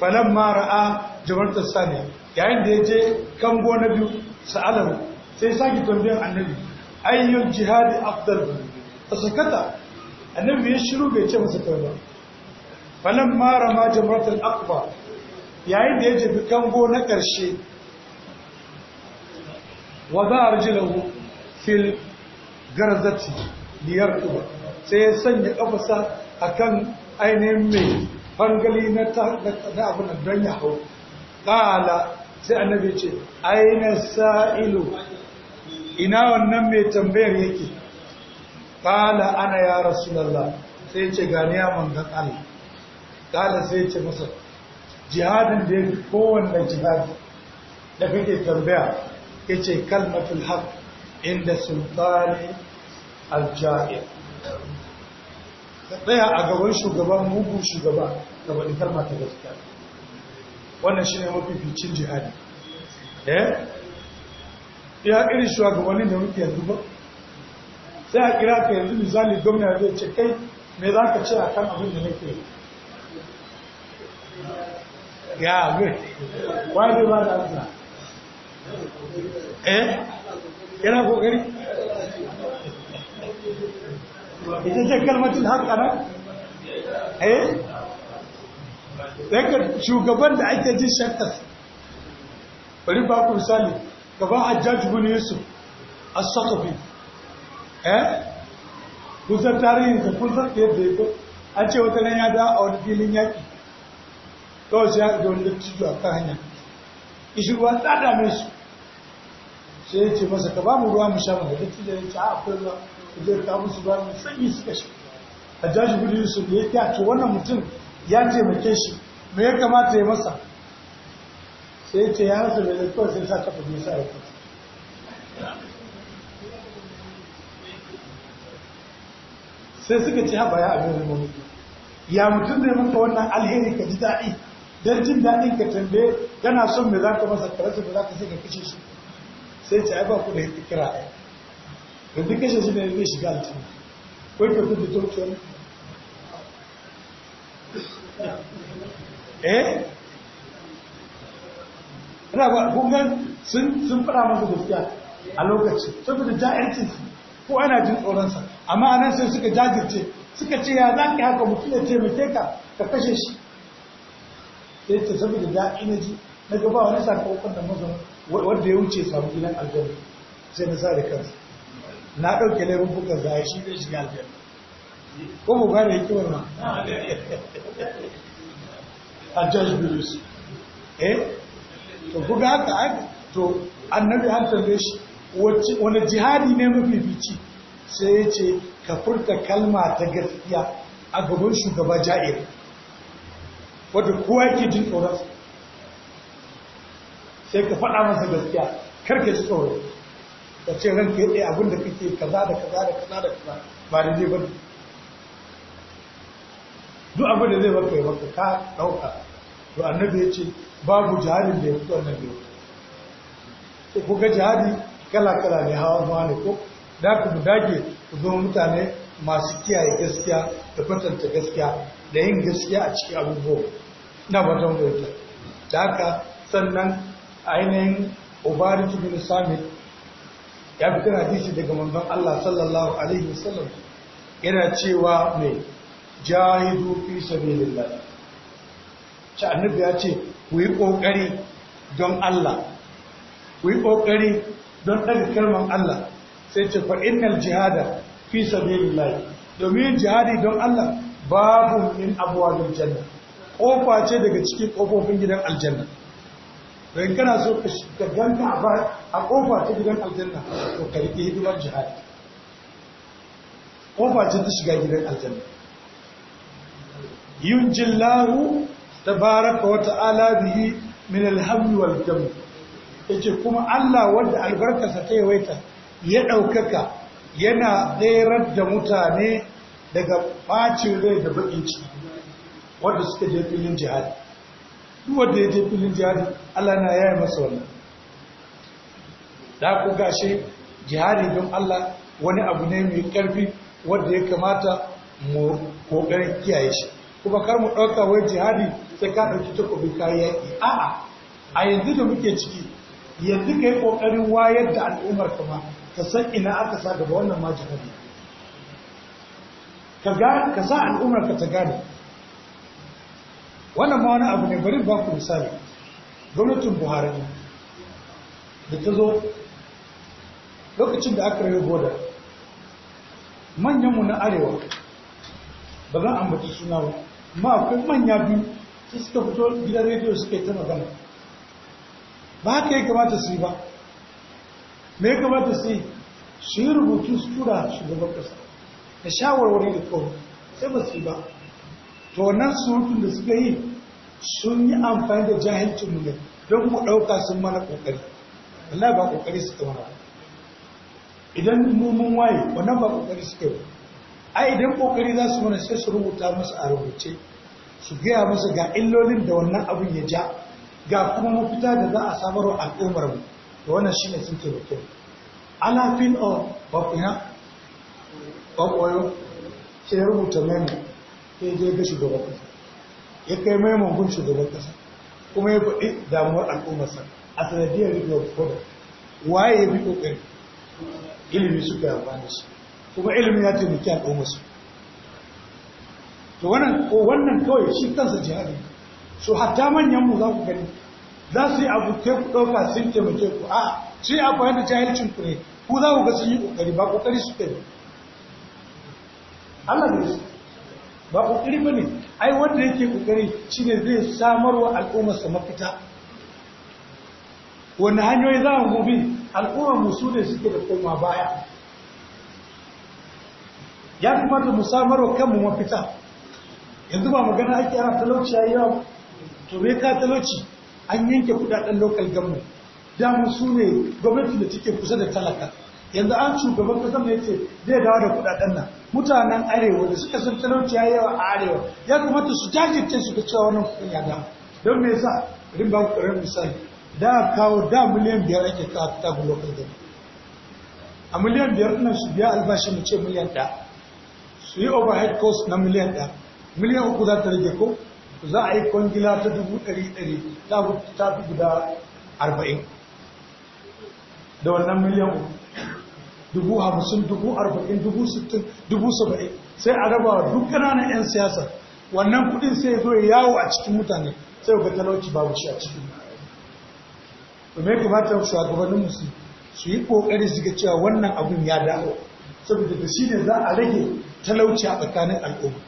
falam ma ra'a jamrata thaniya yayin da ya je kango na biyu sa'alahu sai saki tambayan annabi ayyul jihadi afdal fasakata annabi ya shiru bai ce musu kowa falam ma rama jamrata al-aqba yayin da yaje kango na karshe wa za a rijilahu fil garzati biyar uba sai ya sanya kafasa kan ainihin mai fangali na abin don ya hau ƙala sai annabi ce aina sa'ilu ina wannan mai tambayar yake ƙala ana ya rasulallah sai ce gani ya mangan ƙala ƙala sai ce masa jihadin da ya fi kowanne jihadi da kake tambaya ya ce kalmatul Haka. inda sultani aljair ka tsaya a gaban shugaban mugun shugaba da wani kalma ta gaskiya wannan shi ne mafificin jihadi eh ya irin shugabannin da muke yanzu ba sai a kira ka yanzu misali gwamna zai ce kai me za ka ce a kan abin da nake yi ya good why do you want eh yana kokari ita ce kalmatin haka na eh daga shugaban da ake ji shakkas bari ba ku misali gaban hajjaj bin yusuf a saqafi eh kusan tarihin sa kusan yadda ya ko an ce wata nan ya da a wani filin yaki kawai shi ya ga wani dattijo a kan hanya kishirwa tsada mai su sai ya ce masa ka ba mu ruwa mu sha mu da dattijo ya ce a akwai ruwa ku je ka musu ruwa mu sanyi suka a hajjaji gudu yusuf ya ta to wannan mutum ya taimake shi me ya kamata ya masa sai ya ce ya hasa da zai kawai sai sa kafa fage sa ya sai suka ce haɓa ya abin rumuni ya mutum zai muka wannan alheri ka ji daɗi don jin daɗin ka tambaye kana son me za ka masa karasa da za ka sai ka kashe shi sai ce ai ba ku da kira ai da duk kashe su ne zai shiga aljanna ko ka ku da eh ina ba kungan sun sun fara masa gaskiya a lokaci saboda ja'ircin ko ana jin tsoronsa amma anan sai suka jajirce suka ce ya zaki haka mutum ya taimake ka ka kashe shi sai ta saboda da'i na ji na gaba wani sakamakon da mazauna wanda ya wuce samu gidan aljanna sai na sa da kansa na ɗauke laifin bukan zaya shi zai shiga aljanna ko mu gane hikimar ma a judge bilus eh to buga haka to annabi an tambaye shi wani jihadi ne mafifici sai ya ce ka furta kalma ta gaskiya a gaban shugaba ja'ir wadda kowa ke jin tsoronsa sai ka faɗa masa gaskiya karka ji tsoro da ce ka yi abin da kake kaza da kaza da kaza da kaza ba da zai bane duk abin da zai baka yi baka ka ɗauka to annabi ya ce babu jihadin da ya fito ya ce ko kuka jihadi kala kala ne hawa ma ne ko da ku mu dage ku zo mutane masu kiyaye gaskiya da kwatanta gaskiya da yin gaskiya a cikin abubuwa na wajen wata da haka sannan ainihin ubari bin samit ya kira hadisi daga manzon Allah sallallahu alaihi wasallam yana cewa mai jahidu fi lillah ci annabi ya ce ku yi kokari don Allah ku yi kokari don ɗaga kalman Allah sai ce fa jihada fi lillah domin jihadi don Allah babu abuwa don janna Ƙofa ce daga cikin ƙofofin gidan aljanna to in kana so ka ganka a kofa ta gidan aljanna to ka riƙe hidimar jihadi kofa ce ta shiga gidan aljanna yunjillahu Baraka wata ta'ala bihi min alhammi wal jamm yace kuma Allah wanda albarkarsa ta yawaita ya ɗaukaka yana tsayar da mutane daga ɓacin rai da bakin ciki wanda suka je filin jihadi duk wanda ya je filin jihadi Allah na yaya masa wannan da ku gashi jihadi don Allah wani abu ne mai karfi wanda ya kamata mu kokarin kiyaye shi kuma kar mu ɗauka wai jihadi sai ka ɗauki takobi kayan a'a a yanzu da muke ciki yanzu ka yi ƙoƙarin wayar da al'ummar kama ta san ina aka sa gaba wannan ma ka sa al'ummar ka ta gane wannan ma wani abu ne bari ba ku misali gwamnatin buhari da ta zo lokacin da aka rayu boda manyanmu na arewa ba zan ambaci suna ba ma akwai manya biyu su suka fito gidan rediyo suka yi ta magana ba haka ya kamata su yi ba me ya kamata su yi su yi rubutu su tura shugaban kasa da shawarwari da kawai sai ba su yi ba to wannan surutun da suka yi sun yi amfani da jahilcin mu ne don mu ɗauka sun mana ƙoƙari wallahi ba ƙoƙari suka mana idan mu mun waye wannan ba ƙoƙari suka yi ai idan ƙoƙari za su mana sai su rubuta musu a rubuce su gaya musu ga illolin da wannan abin ya ja ga kuma mafita da za a samar wa al'ummar mu da wannan shine sun taimake mu Ana fin o ba ku na ba ku wayo sai rubuta memo sai je ga shugaban kasa ya kai mai mahukun shugaban kasa kuma ya faɗi damuwar al'ummarsa a sanadiyar rigar kodar waye ya fi ƙoƙari ilimi ga amfani su kuma ilimi ya taimaki al'ummarsu to wannan ko wannan kawai shi kansa jihadi so hatta manyan mu za ku gani za su yi abu ke ku ɗauka sun taimake ku a ce a bayan da jahilcin ku ne ku za ku ga sun yi ƙoƙari ba ƙoƙari su ke Allah ne ba ƙoƙari ba ne ai wanda yake kokari shine zai samarwa sa mafita wanda hanyoyi za mu bi al'ummar mu su ne suke da koma baya ya kamata mu samarwa kanmu mafita yanzu ba magana ake ana talauci a yau to me ka talauci an yanke kudaden local government damu su ne gwamnati da take kusa da talaka yanzu an shugaban kasa mai ce zai dawo da kudaden nan mutanen arewa da suka san talauci ya yawa a arewa ya kamata su jajirce su da cewa wannan kuɗin ya dawo don me yasa rin ba ku misali da kawo da miliyan biyar ake kawo ta gulo kai a miliyan biyar ɗin su biya albashi mu ce miliyan ɗaya su yi overhead cost na miliyan ɗaya miliyan uku za ta rage ko za a yi kwangila ta dubu ɗari ɗari ta fi guda arba'in da wannan miliyan uku dubu hamsin dubu arba'in dubu sittin dubu saba'in sai a raba duk ƙananan 'yan siyasa wannan kuɗin sai zo ya yawo a cikin mutane sai ga talauci ba shi a cikin kuma ya kamata shugabannin musu su yi kokari su ga cewa wannan abun ya dawo saboda da shi ne za a rage talauci a tsakanin al'umma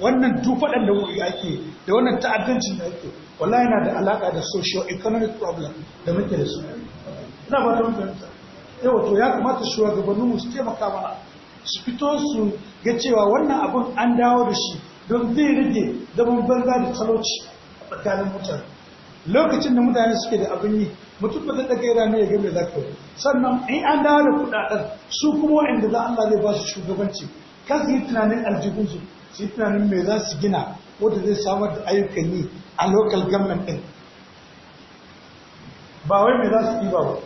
wannan duk faɗan da wuri ake da wannan ta'addancin da ake wallahi yana da alaƙa da socio economic problem da muke da su ina ba ta mutunta yawa to ya kamata shugabanninmu su taimaka mana su fito su ga cewa wannan abin an dawo da shi don zai rage zaman banza da talauci a tsakanin mutane lokacin da mutane suke da abin yi mutum ba zai daga yana ya gami za yi sannan in an dawo da kudaden su kuma wa'anda za Allah zai ba su shugabanci kan su yi tunanin aljihunsu su yi tunanin mai za su gina wanda zai samar da ayyukan yi a lokal government ɗin ba wai me za su yi ba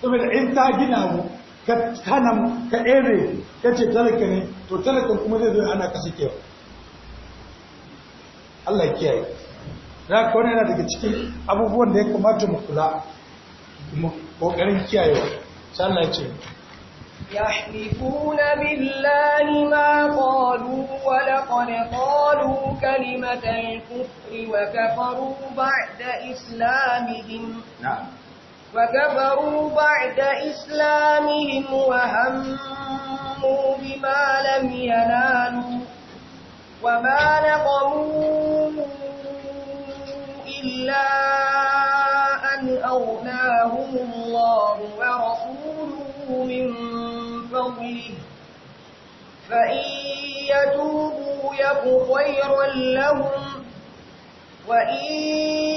saboda in ta gina mu ka hana ka ere ka ce talaka ne to talaka kuma zai zo ana kasa kewa Allah yi za ka wani yana daga cikin abubuwan da ya kamata mu kula mu kokarin kiyayewa sai Allah ya ce يحلفون بالله ما قالوا ولقد قالوا كلمة الكفر وكفروا بعد إسلامهم نعم فكفروا بعد إسلامهم وهموا بما لم ينالوا وما نقموا إلا أن أغناهم الله ورسوله من فضله فإن يتوبوا يك خيرا لهم وإن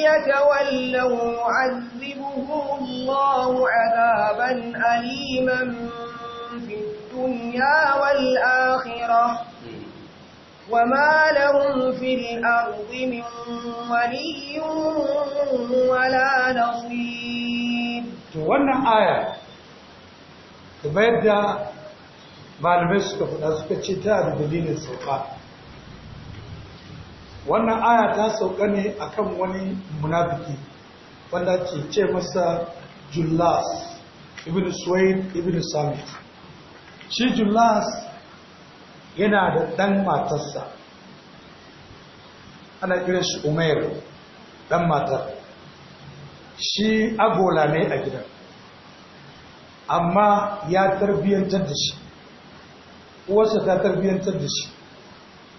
يتولوا يعذبه الله عذابا أليما في الدنيا والآخرة وما لهم في الأرض من ولي ولا نصير wannan aya kamar yadda malamai suka faɗa suka ce ta da dalilin sauka wannan aya ta sauka ne akan wani munafiki wanda ke ce masa jullas ibn suwaid ibn samit shi jullas yana da ɗan matarsa ana kiran shi umair ɗan matar shi agola ne a gidan amma ya tarbiyyantar da shi uwarsa ta tarbiyyantar da shi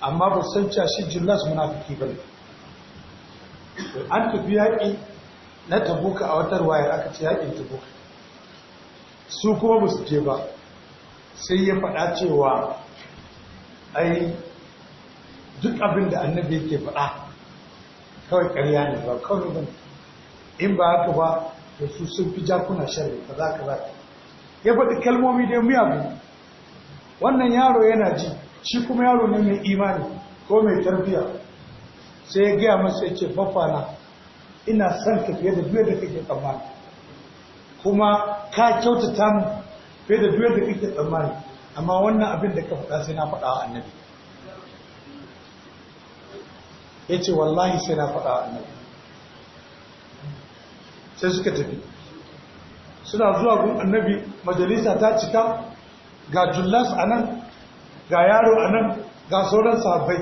amma ba san cewa shi jinnas munafiki bane an tafi yaƙi na tabuka a watar wayar aka ce yaƙin tabuka su kuma ba su je ba sai ya faɗa cewa ai duk abin da annabi yake faɗa kawai ƙarya ne ba kawai ba in ba haka ba da su sun fi jakuna sharri ka ba. ya faɗi kalmomi da miyagu wannan yaro yana ji shi kuma yaro ne mai imani ko mai tarbiya sai ya gaya masa ya ce baffana ina son ka fiye da biyar da kake tsammani kuma ka ta mu fiye da biyar da kake tsammani amma wannan abin da ka faɗa sai na faɗa wa annabi ya ce wallahi sai na faɗa wa annabi sai suka tafi suna zuwa gun annabi majalisa ta cika ga jullas a nan ga yaro a nan ga sauran sahabbai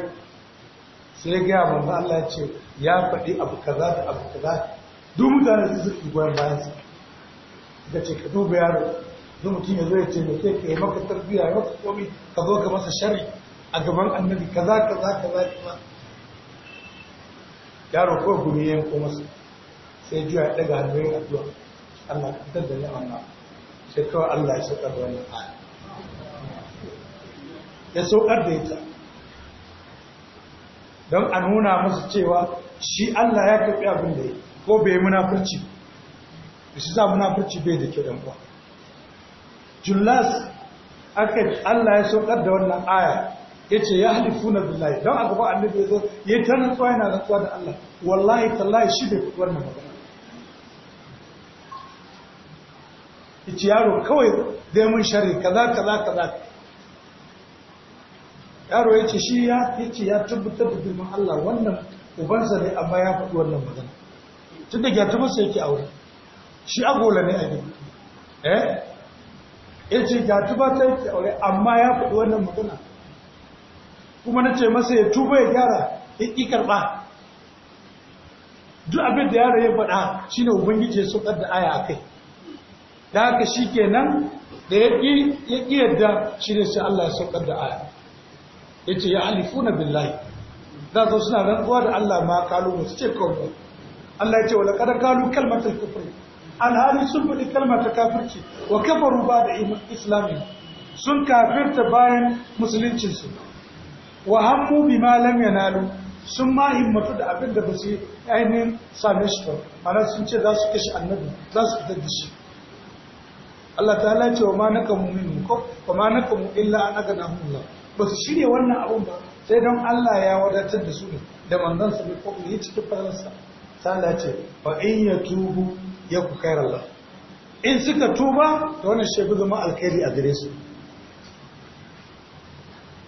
sai ya gaya manzo Allah ya ce ya faɗi abu kaza da abu kaza duk mutane su suke goyon bayan su ga ce ka duba yaro duk mutum ya zo ya ce mai kai maka tarbiyya ya maka komi ka zo ka masa shari a gaban annabi kaza kaza kaza kaza yaro ko gumi ya ko masa sai juya ya daga hannu yin addu'a Allah ka da ni amma sai kawai Allah ya saka da wannan aya ya saukar da ita don a nuna musu cewa shi Allah ya kafi abin da ya ko bai munafurci da shi za munafurci bai da ke ɗanɓa jullas aka Allah ya saukar da wannan aya ya ce ya halifu na billahi don a gaba annabi ya zo ya ta rantsuwa yana rantsuwa da Allah wallahi tallahi shi bai kuwar na magana ya ce yaro kawai zai mun shari kaza kaza kaza yaro ya ce shi ya ce ya tabbatar da girman Allah wannan ubansa ne amma ya faɗi wannan magana tun da gyatumarsa yake aure shi agola ne a ne eh ya ce gyatumarsa yake aure amma ya faɗi wannan magana kuma na ce masa ya tuba ya gyara ya ƙi karɓa duk abin da yaro ya faɗa shi ne ubangiji ya saukar da aya a kai da haka shi kenan da ya ƙi yadda shi ne sai Allah ya saukar da aya ce ya alifuna billahi za su suna rantsuwa da Allah ma kalu su ce kawai Allah yace wala kada kalu kalmatul kufr alhali sun faɗi kalmar ta kafirci wa kafaru ba da islami sun kafirta bayan musuluncinsu wa hammu bi ma lam sun ma himmatu da abin da ba su ainihin same shi ba ma'ana sun ce za su kashe annabi za su fitar da shi Allah ta halace wa ma naka mu'minu ko wa ma naka illa an aga na Allah ba su shirya wannan abun ba sai don Allah ya wadatar da su da manzon sa ko ya cikin faransa sai ce fa in yatubu yaku khairallah in suka tuba to wannan shi zama alkhairi a gare su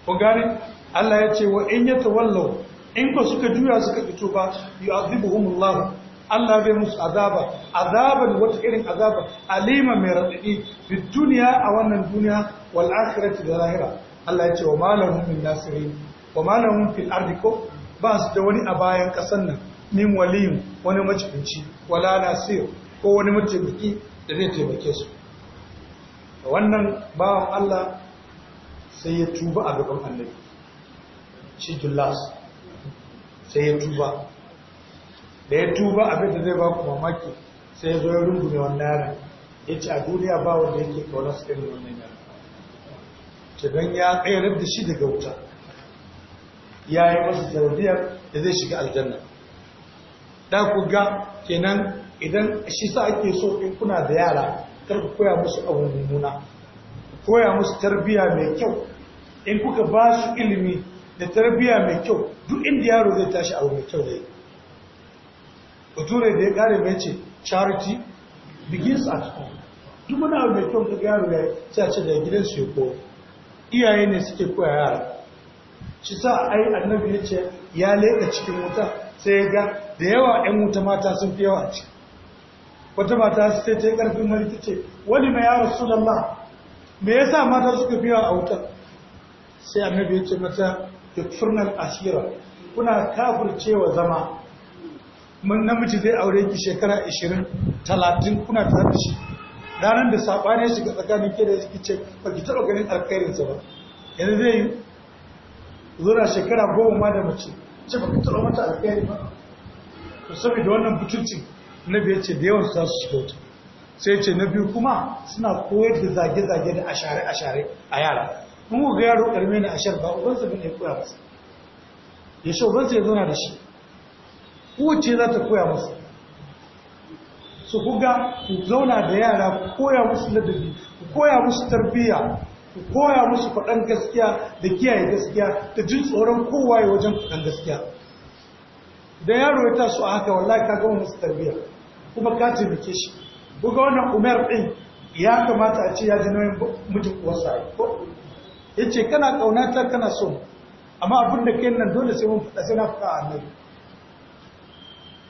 ko gane Allah ya ce wa in yatawallaw in ko suka juya suka fito ba yu'adhibuhumullah Allah bai musu azaba azaban wata irin azaba alima mai raɗaɗi fi duniya a wannan duniya wal akhirati da lahira Allah ya ce wa malamun min nasiri wa malamun fil ardi ko ba su da wani a bayan kasan nan min waliyin wani macibinci wala nasir ko wani mataimaki da zai taimake su wannan bawan Allah sai ya tuba a gaban annabi shi dullas sai ya tuba da ya tuba abin da zai ba ku mamaki sai ya zo ya rungume wannan yaran ya ce a duniya ba wanda yake kaunar su irin wannan yaran kenan ya tsayar da shi daga wuta ya yi masa sanadiyar da zai shiga aljanna da ku ga kenan idan shi sa ake so in kuna da yara karku koya musu abu mummuna koya musu tarbiyya mai kyau in kuka ba su ilimi da tarbiyya mai kyau duk inda yaro zai tashi abu mai kyau zai kuture da ya kare mai ce charity begins at home duk wani abu mai kyau ga yaro ya ce da gidansu ya koya iyaye ne suke koya yara shi sa ai annabi ya ce ya leƙa cikin wuta sai ya ga da yawa ɗan wuta mata sun fi yawa ce wata mata sai ta yi ƙarfin mariki ce wani mai yara su lalla me ya sa mata suka fi yawa a wuta sai annabi ya ce mata yakfurnal asira kuna cewa zama mun namiji zai aure ki shekara 20 30 kuna tare da shi ranar da saɓani ya shiga tsakanin ke da ya ce ba ki taɓa ganin alkhairinsa ba yanzu zai yi zura shekara goma ma da mace ce ba ki taɓa mata alkhairi ba to saboda wannan butulci na biya ce da yawan za su shiga wuta sai ce na biyu kuma suna koyar da zage-zage da ashare-ashare a yara mun ga yaro ƙarme na ashar ba ubansa bin ya koya masa ya shi ubansa ya zauna da shi kowace za ta koya masa su kuga ku zauna da yara ku koya musu ladabi ku koya musu tarbiyya ku koya musu faɗan gaskiya da kiyaye gaskiya da jin tsoron kowa ya wajen faɗan gaskiya da yaro ya taso a haka wallahi ka gama musu tarbiyya kuma ka taimake shi buga wannan umar ɗin ya kamata a ce ya ji nauyin mijin uwarsa ko ya ce kana ƙaunata kana so amma abin da kai nan dole sai mun faɗa sai na faɗa a annabi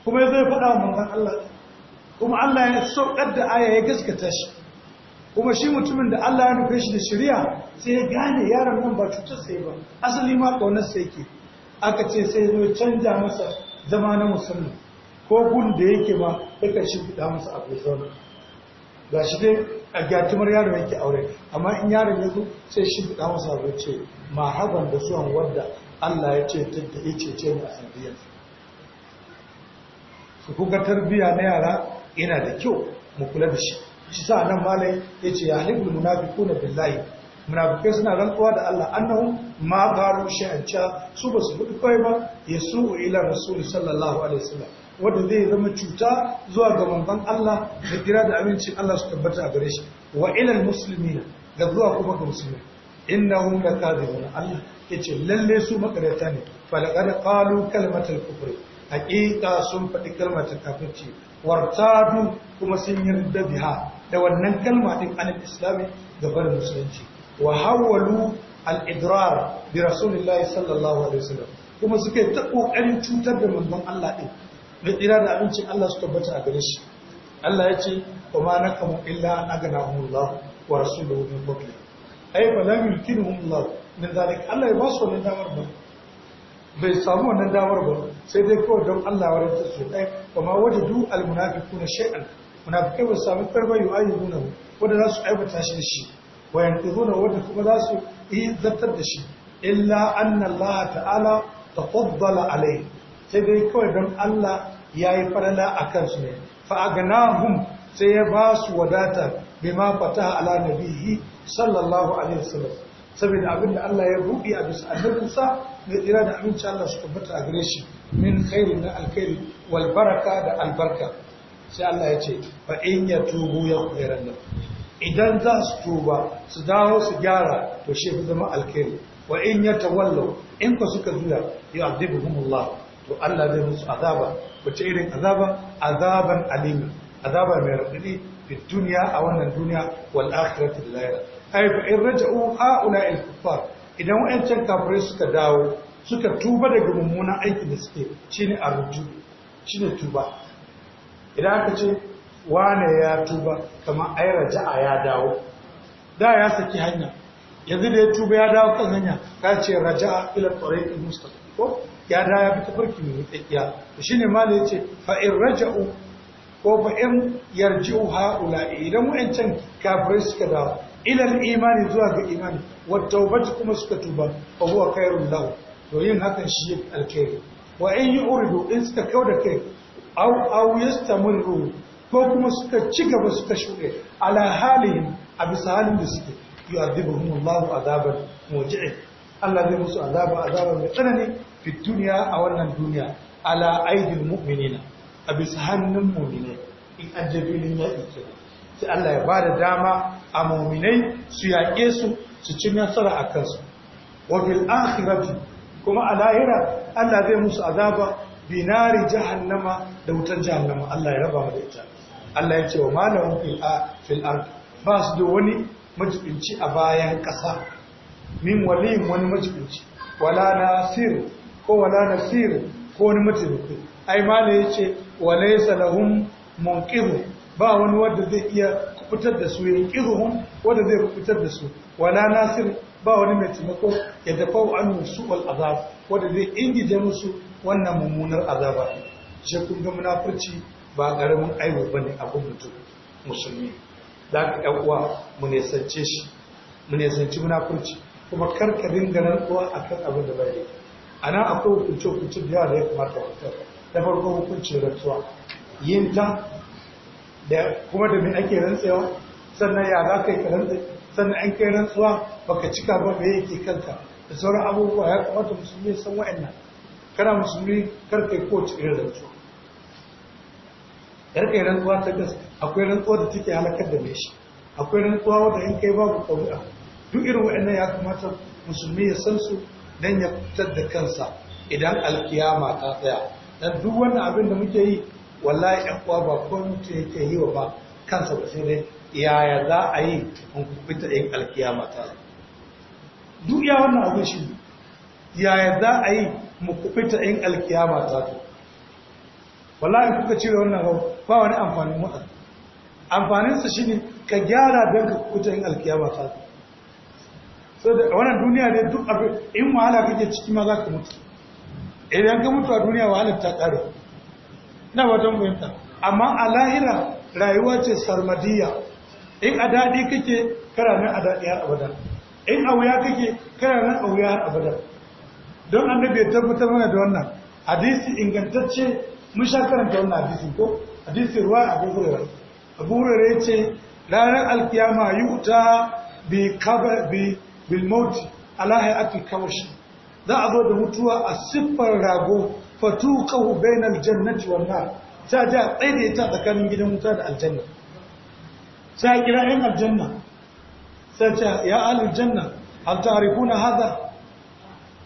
kuma ya zai faɗa wa manzan Allah kuma Allah ya saukar da aya ya gaskata shi kuma shi mutumin da Allah ya nufe shi da shari'a sai ya gane yaron nan ba cutar sai ba asali ma kaunar sai yake aka ce sai zo canja masa zama na musulmi ko gun da yake ma yakan shi fida masa abu zauna ga shi dai a gatumar yaron yake aure amma in yaron ya zo sai shi fida masa abu ce ma haban da suwan wadda Allah ya ce ta ya ce ce mu a sanadiyar su kuka tarbiya na yara yana da kyau mu kula da shi shi sa nan malai ya ce ya halibul munafiquna billahi munafikai suna rantsuwa da Allah annahu ma an cewa su ba su fudi kai ba yasu ila rasul sallallahu alaihi wasallam wanda zai zama cuta zuwa ga manzon Allah da kira da amincin Allah su tabbata a gare shi wa ila muslimina da zuwa kuma ga musulmi innahum lakadibun Allah yace lalle su makarata ne laqad qalu kalmatal kufri haqiqa sun faɗi kalmar kafirci wartadu kuma sun yi ridda biha da wannan kalma din anil islami da barin musulunci wa hawwalu al idrar bi rasulillahi sallallahu alaihi wasallam kuma suke ta kokarin cutar da manzon Allah din da tsira da abincin Allah su tabbata a gare shi Allah ya ce kuma ma nakamu illa an Allah wa rasuluhu min qabli ay la lam Allah min zalik Allah ya ba su wannan damar ba bai samu wannan damar ba sai dai kawai don Allah ya waranta su ɗaya wa ma wajadu al munafiquna shay'an munafiqai ba su sami karba yu'ayyuna wanda za su aibata shi da shi wa yanqiduna wanda kuma za su yi zartar da shi illa anna Allah ta'ala tafaddala alai sai dai kawai don Allah ya yi farala akan su ne fa agnahum sai ya ba su wadata bima fataha ala nabihi sallallahu alaihi wasallam saboda abinda Allah ya buɗe a bisa annabinsa mai tsira da aminci Allah su tabbata a gare shi min khairu na alkhairi wal baraka da albarka sai Allah ya ce fa in ya yaghfiran lahum idan za su tuba su dawo su gyara to shi fi zama alkhairi wa in yatawallu in ka suka juya Allah, to Allah zai musu azaba wace irin azaba azaban alimi azaba mai raɗaɗi fi duniya a wannan duniya wal akhirati lillahi ay fa in raja'u ha'ula al kuffar idan wa'ancan kafirai suka dawo suka tuba daga mummunan aikin da suke shine arju ne tuba idan aka ce wane ya tuba kamar aira ja'a ya dawo da ya saki hanya yanzu da ya tuba ya dawo kan hanya ka ce raja'a ila tariqil Mustapha ko ya da ya fi tafarki mai tsakiya shine da yace fa in raja'u ko fa in yarji'u haula idan wa'ancan kafirai suka dawo ilar imani zuwa ga imani wata kuma suka tuba fa huwa khairul lahu to yin hakan shi alkhairi wa in yuridu in suka kauda kai aw aw yastamru ko kuma suka ci gaba suka shuɗe ala halihim a bisa halin da suke yu'adhibuhum Allahu azaban muji'i Allah zai musu azaba azaban mai tsanani fi duniya a wannan duniya ala aidil mu'minina a bisa hannun mu'minai in an je filin sai Allah ya ba da dama a mu'minai su yaƙe su su ci nasara a kansu wa fil akhirati kuma a lahira Allah zai musu azaba binari jahannama da wutar jahannama Allah ya raba mu da ita Allah ya ce wa malahum fil fil ard ba su da wani majibinci a bayan ƙasa min waliyin wani majibinci wala nasir ko wala nasir ko wani mataimaki ai mala ya ce walaysa lahum munqidh ba wani wanda zai iya kubutar da su yanqidhum wanda zai kubutar da su wala nasir ba wani mai taimako ya dafa wa annu su'ul azab wanda zai ingije musu wannan mummunar azaba shi kun ga munafurci ba ƙaramin aiwo bane a mutum musulmi za ka ɗan uwa mu nesance shi mu nesanci munafurci kuma karka dinga nan uwa akan abin da bai a nan akwai hukunce hukunce da yawa da ya kamata wata da farko hukuncin rantsuwa yin ta da kuma da mai ake rantsewa sannan ya za ka yi ka rantsewa sannan an kai rantsuwa baka cika ba ba yake kanka da sauran abubuwa ya kamata musulmi ya san wa'annan kana musulmi kar ko cikin rantsuwa yar kai rantsuwa ta gas akwai rantsuwa da take halakar da mai shi akwai rantsuwa wanda in kai babu ƙauri'a duk irin wa'annan ya kamata musulmi ya san su don ya fitar da kansa idan alkiyama ta tsaya dan duk wannan abin da muke yi wallahi ɗan uwa ba ko mutum yake yi wa ba kansa ba sai dai yaya za a yi tukun kubuta ɗin alkiyama ta duk ya wannan abin shi yaya za a yi mu kubuta ɗin alkiyama ta to wallahi kuka cire wannan hau ba wani amfanin Amfanin amfaninsa shi ne ka gyara don ka kubuta ɗin alkiyama ta to so da wannan duniya ne duk abin in wahala kake ciki ma za ka mutu idan ka mutu a duniya wahalar ta ƙare na wajen fahimta amma a lahira rayuwa ce sarmadiyya in a daɗi kake kana nan a daɗi har abada in a wuya kake kana nan a wuya har abada don annabi ya tabbatar mana da wannan hadisi ingantacce mun sha karanta wannan hadisi ko hadisi ruwa a a gugurera ya ce ranar alkiyama yi wuta bi kaba bi bilmoti alahai ake kawashi za a zo da mutuwa a siffar rago fatu kahu bainal jannati wannan ta ja tsaye da tsakanin gidan wuta da aljanna sai a kira yan aljanna sai ce ya aljanna hal ta'rifuna hadha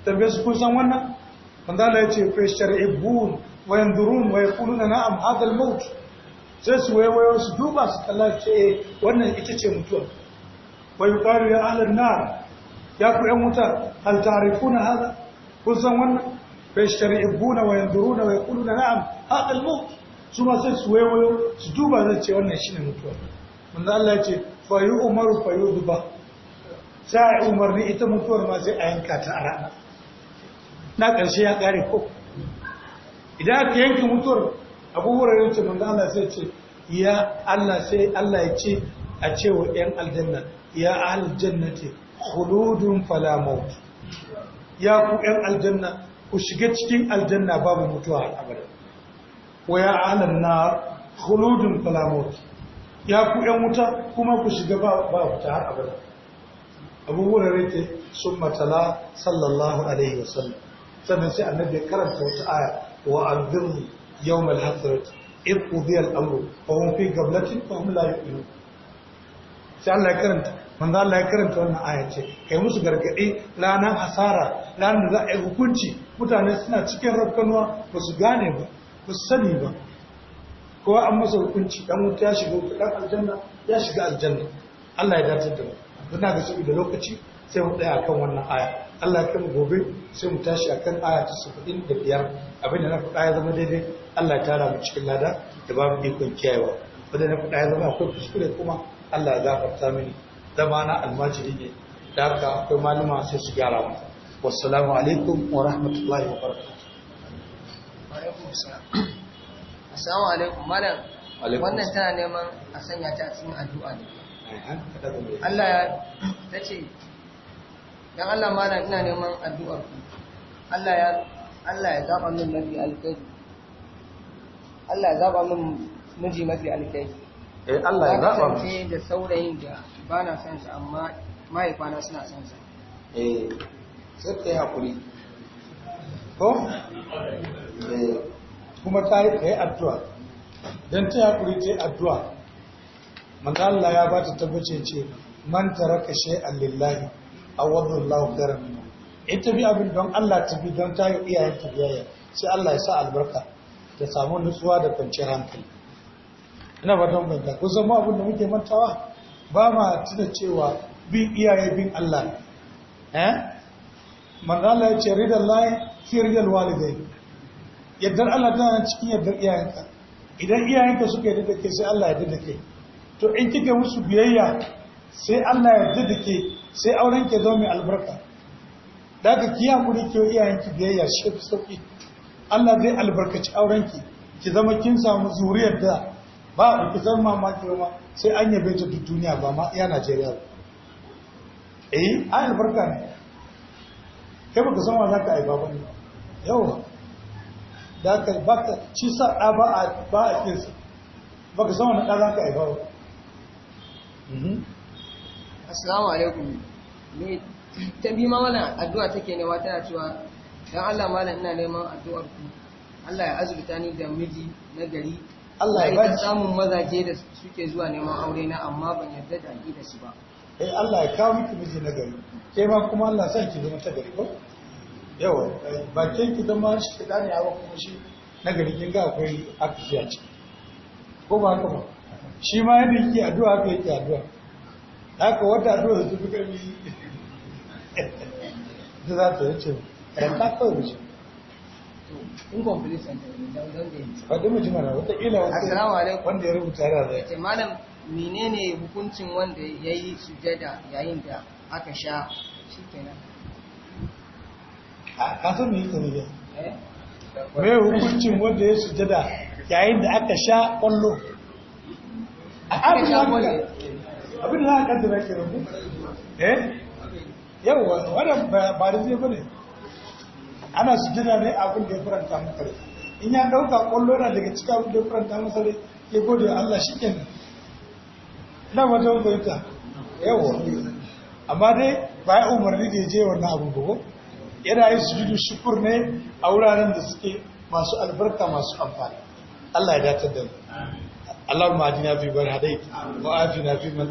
tambaye su kun san wannan manzo ya ce fa shar'ibun wa yanzurun wa na na'am hadha al sai su wayo su duba su kalla ce eh, wannan ita ce mutuwa Wai yuqalu ya ahlan nar ya ku yan wuta hal ta'rifuna hadha kun san wannan فيشترئبون وينظرون ويقولون sai su الموت su duba ستوبة ce wannan shi ne mutuwa. wanda Allah ce fa yi umaru fa duba sai umarni ita mutuwar ma sai a yanka ta a rana na ƙarshe ya ƙare ko idan aka yanki mutuwar abubuwar wuraren ce manzo Allah sai ce ya Allah sai Allah ya ce a ce wa ‘yan aljanna ya ahlul jannati khuludun fala ya ku ‘yan aljanna ku shiga cikin aljanna babu mutuwa a abada wa ya alamna nar khuludun ya ku ƴan wuta kuma ku shiga ba wuta har abada abubuwan rike sun matala sallallahu alaihi wasallam sannan sai annabi karanta wata aya wa anzirni yawmal hasrat in qudiya al-amru fa hum fi gablatin fa hum la yu'minun sai Allah ya karanta manzo Allah ya karanta wannan aya ce kai musu gargadi nan hasara ranar da za a yi hukunci mutane suna cikin rafkanuwa ba su gane ba ba su sani ba kowa an masa hukunci dan wuta ya shiga dan aljanna ya shiga aljanna Allah ya dace da mu Ina ga saboda lokaci sai mu tsaya akan wannan aya Allah ya kama gobe sai mu tashi akan aya ta 75 abin da na faɗa ya zama daidai Allah ya tara mu cikin lada da ba mu ikon kiyayewa wanda na faɗa ya zama akwai kuskure kuma Allah ya gafarta mini zama na almajiri ne da haka akwai malama sai su gyara mu wassalamu alaikum wa rahmatullahi wa barakatuh assalamu alaikum malam wannan tana neman a sanya ta a cikin addu'a ne Allah ya [CLEARS THROAT] tace dan Allah malam ina neman addu'ar ku Allah ya Allah ya zaba min mafi alkai Allah ya zaba min miji mafi alkai eh Allah ya zaba min da saurayin da bana son sa amma mahaifana suna son sa eh sai ta hakuri ko eh kuma ta yi addu'a don ta yaƙuri ta yi addu'a manzala ya ba ta tabbace ce man a wadda lillahi awadullahu khairan in ta bi abin don Allah ta bi don ta yi iyayen ta biyayya sai Allah ya sa albarka ta samu nutsuwa da kwanciyar hankali ina ba don ganta ko zama abin da muke mantawa ba ma tuna cewa bin iyaye bin Allah eh manzo ya ce ridal fi ridal walidai yaddar Allah tana cikin yaddar iyayenka idan iyayenka suka yadda da sai Allah yadda da to in kike musu biyayya sai Allah yadda da ke sai auren ke zo mai albarka da ka ki hakuri ki iyayenki biyayya shi fi sauki Allah zai albarkaci auren ki ki zama kin samu zuriyar da ba ki zama mamaki ba sai an yabe ta duk duniya ba ma iya Najeriya ba eh ai albarka ne kai baka san wa zaka aiba ba ne yawa da haka baka shi sa ɗa ba a ba a kinsa baka san wani ɗa za ka haifa ba mhm. assalamu alaikum ne ta bi ma wannan addu'a take ne wata tana cewa don Allah malam ina neman addu'ar ku Allah ya azurta ni da miji na gari Allah ya ba samun mazaje da suke zuwa neman aure na amma ban yarda da da su ba eh Allah ya kawo miki miji na gari ke ma kuma Allah san ki zama ta gari ko yawa bakin ki zama shi fita ne a kuma shi na gari kin ga akwai akiya ce ko ba haka ba shi ma yadda yake addu'a haka yake addu'a haka wata addu'a da tafi karfi da za ta wuce ran ta kawai yanzu. faɗi mu jimara wataƙila wanda ya rubuta da zai ce malam menene hukuncin wanda ya yi sujada yayin da aka sha shi kenan ka san me yake ne eh? me hukuncin wanda ya sujada yayin da aka sha kwallo abin da aka kaddara ke rubu eh yawa wannan ba da zai bane ana sujada ne abin da ya faranta maka rai in ya dauka kwallo na daga cikin abin da ya faranta masa rai ya gode Allah shi shikenan na wajen bayyana yawa amma dai ba ya umarni da ya je wannan abin ba yana yin sujudu shukur ne a wuraren da suke masu albarka masu amfani Allah ya datar da mu Allahumma adina fi man hadait wa afina fi man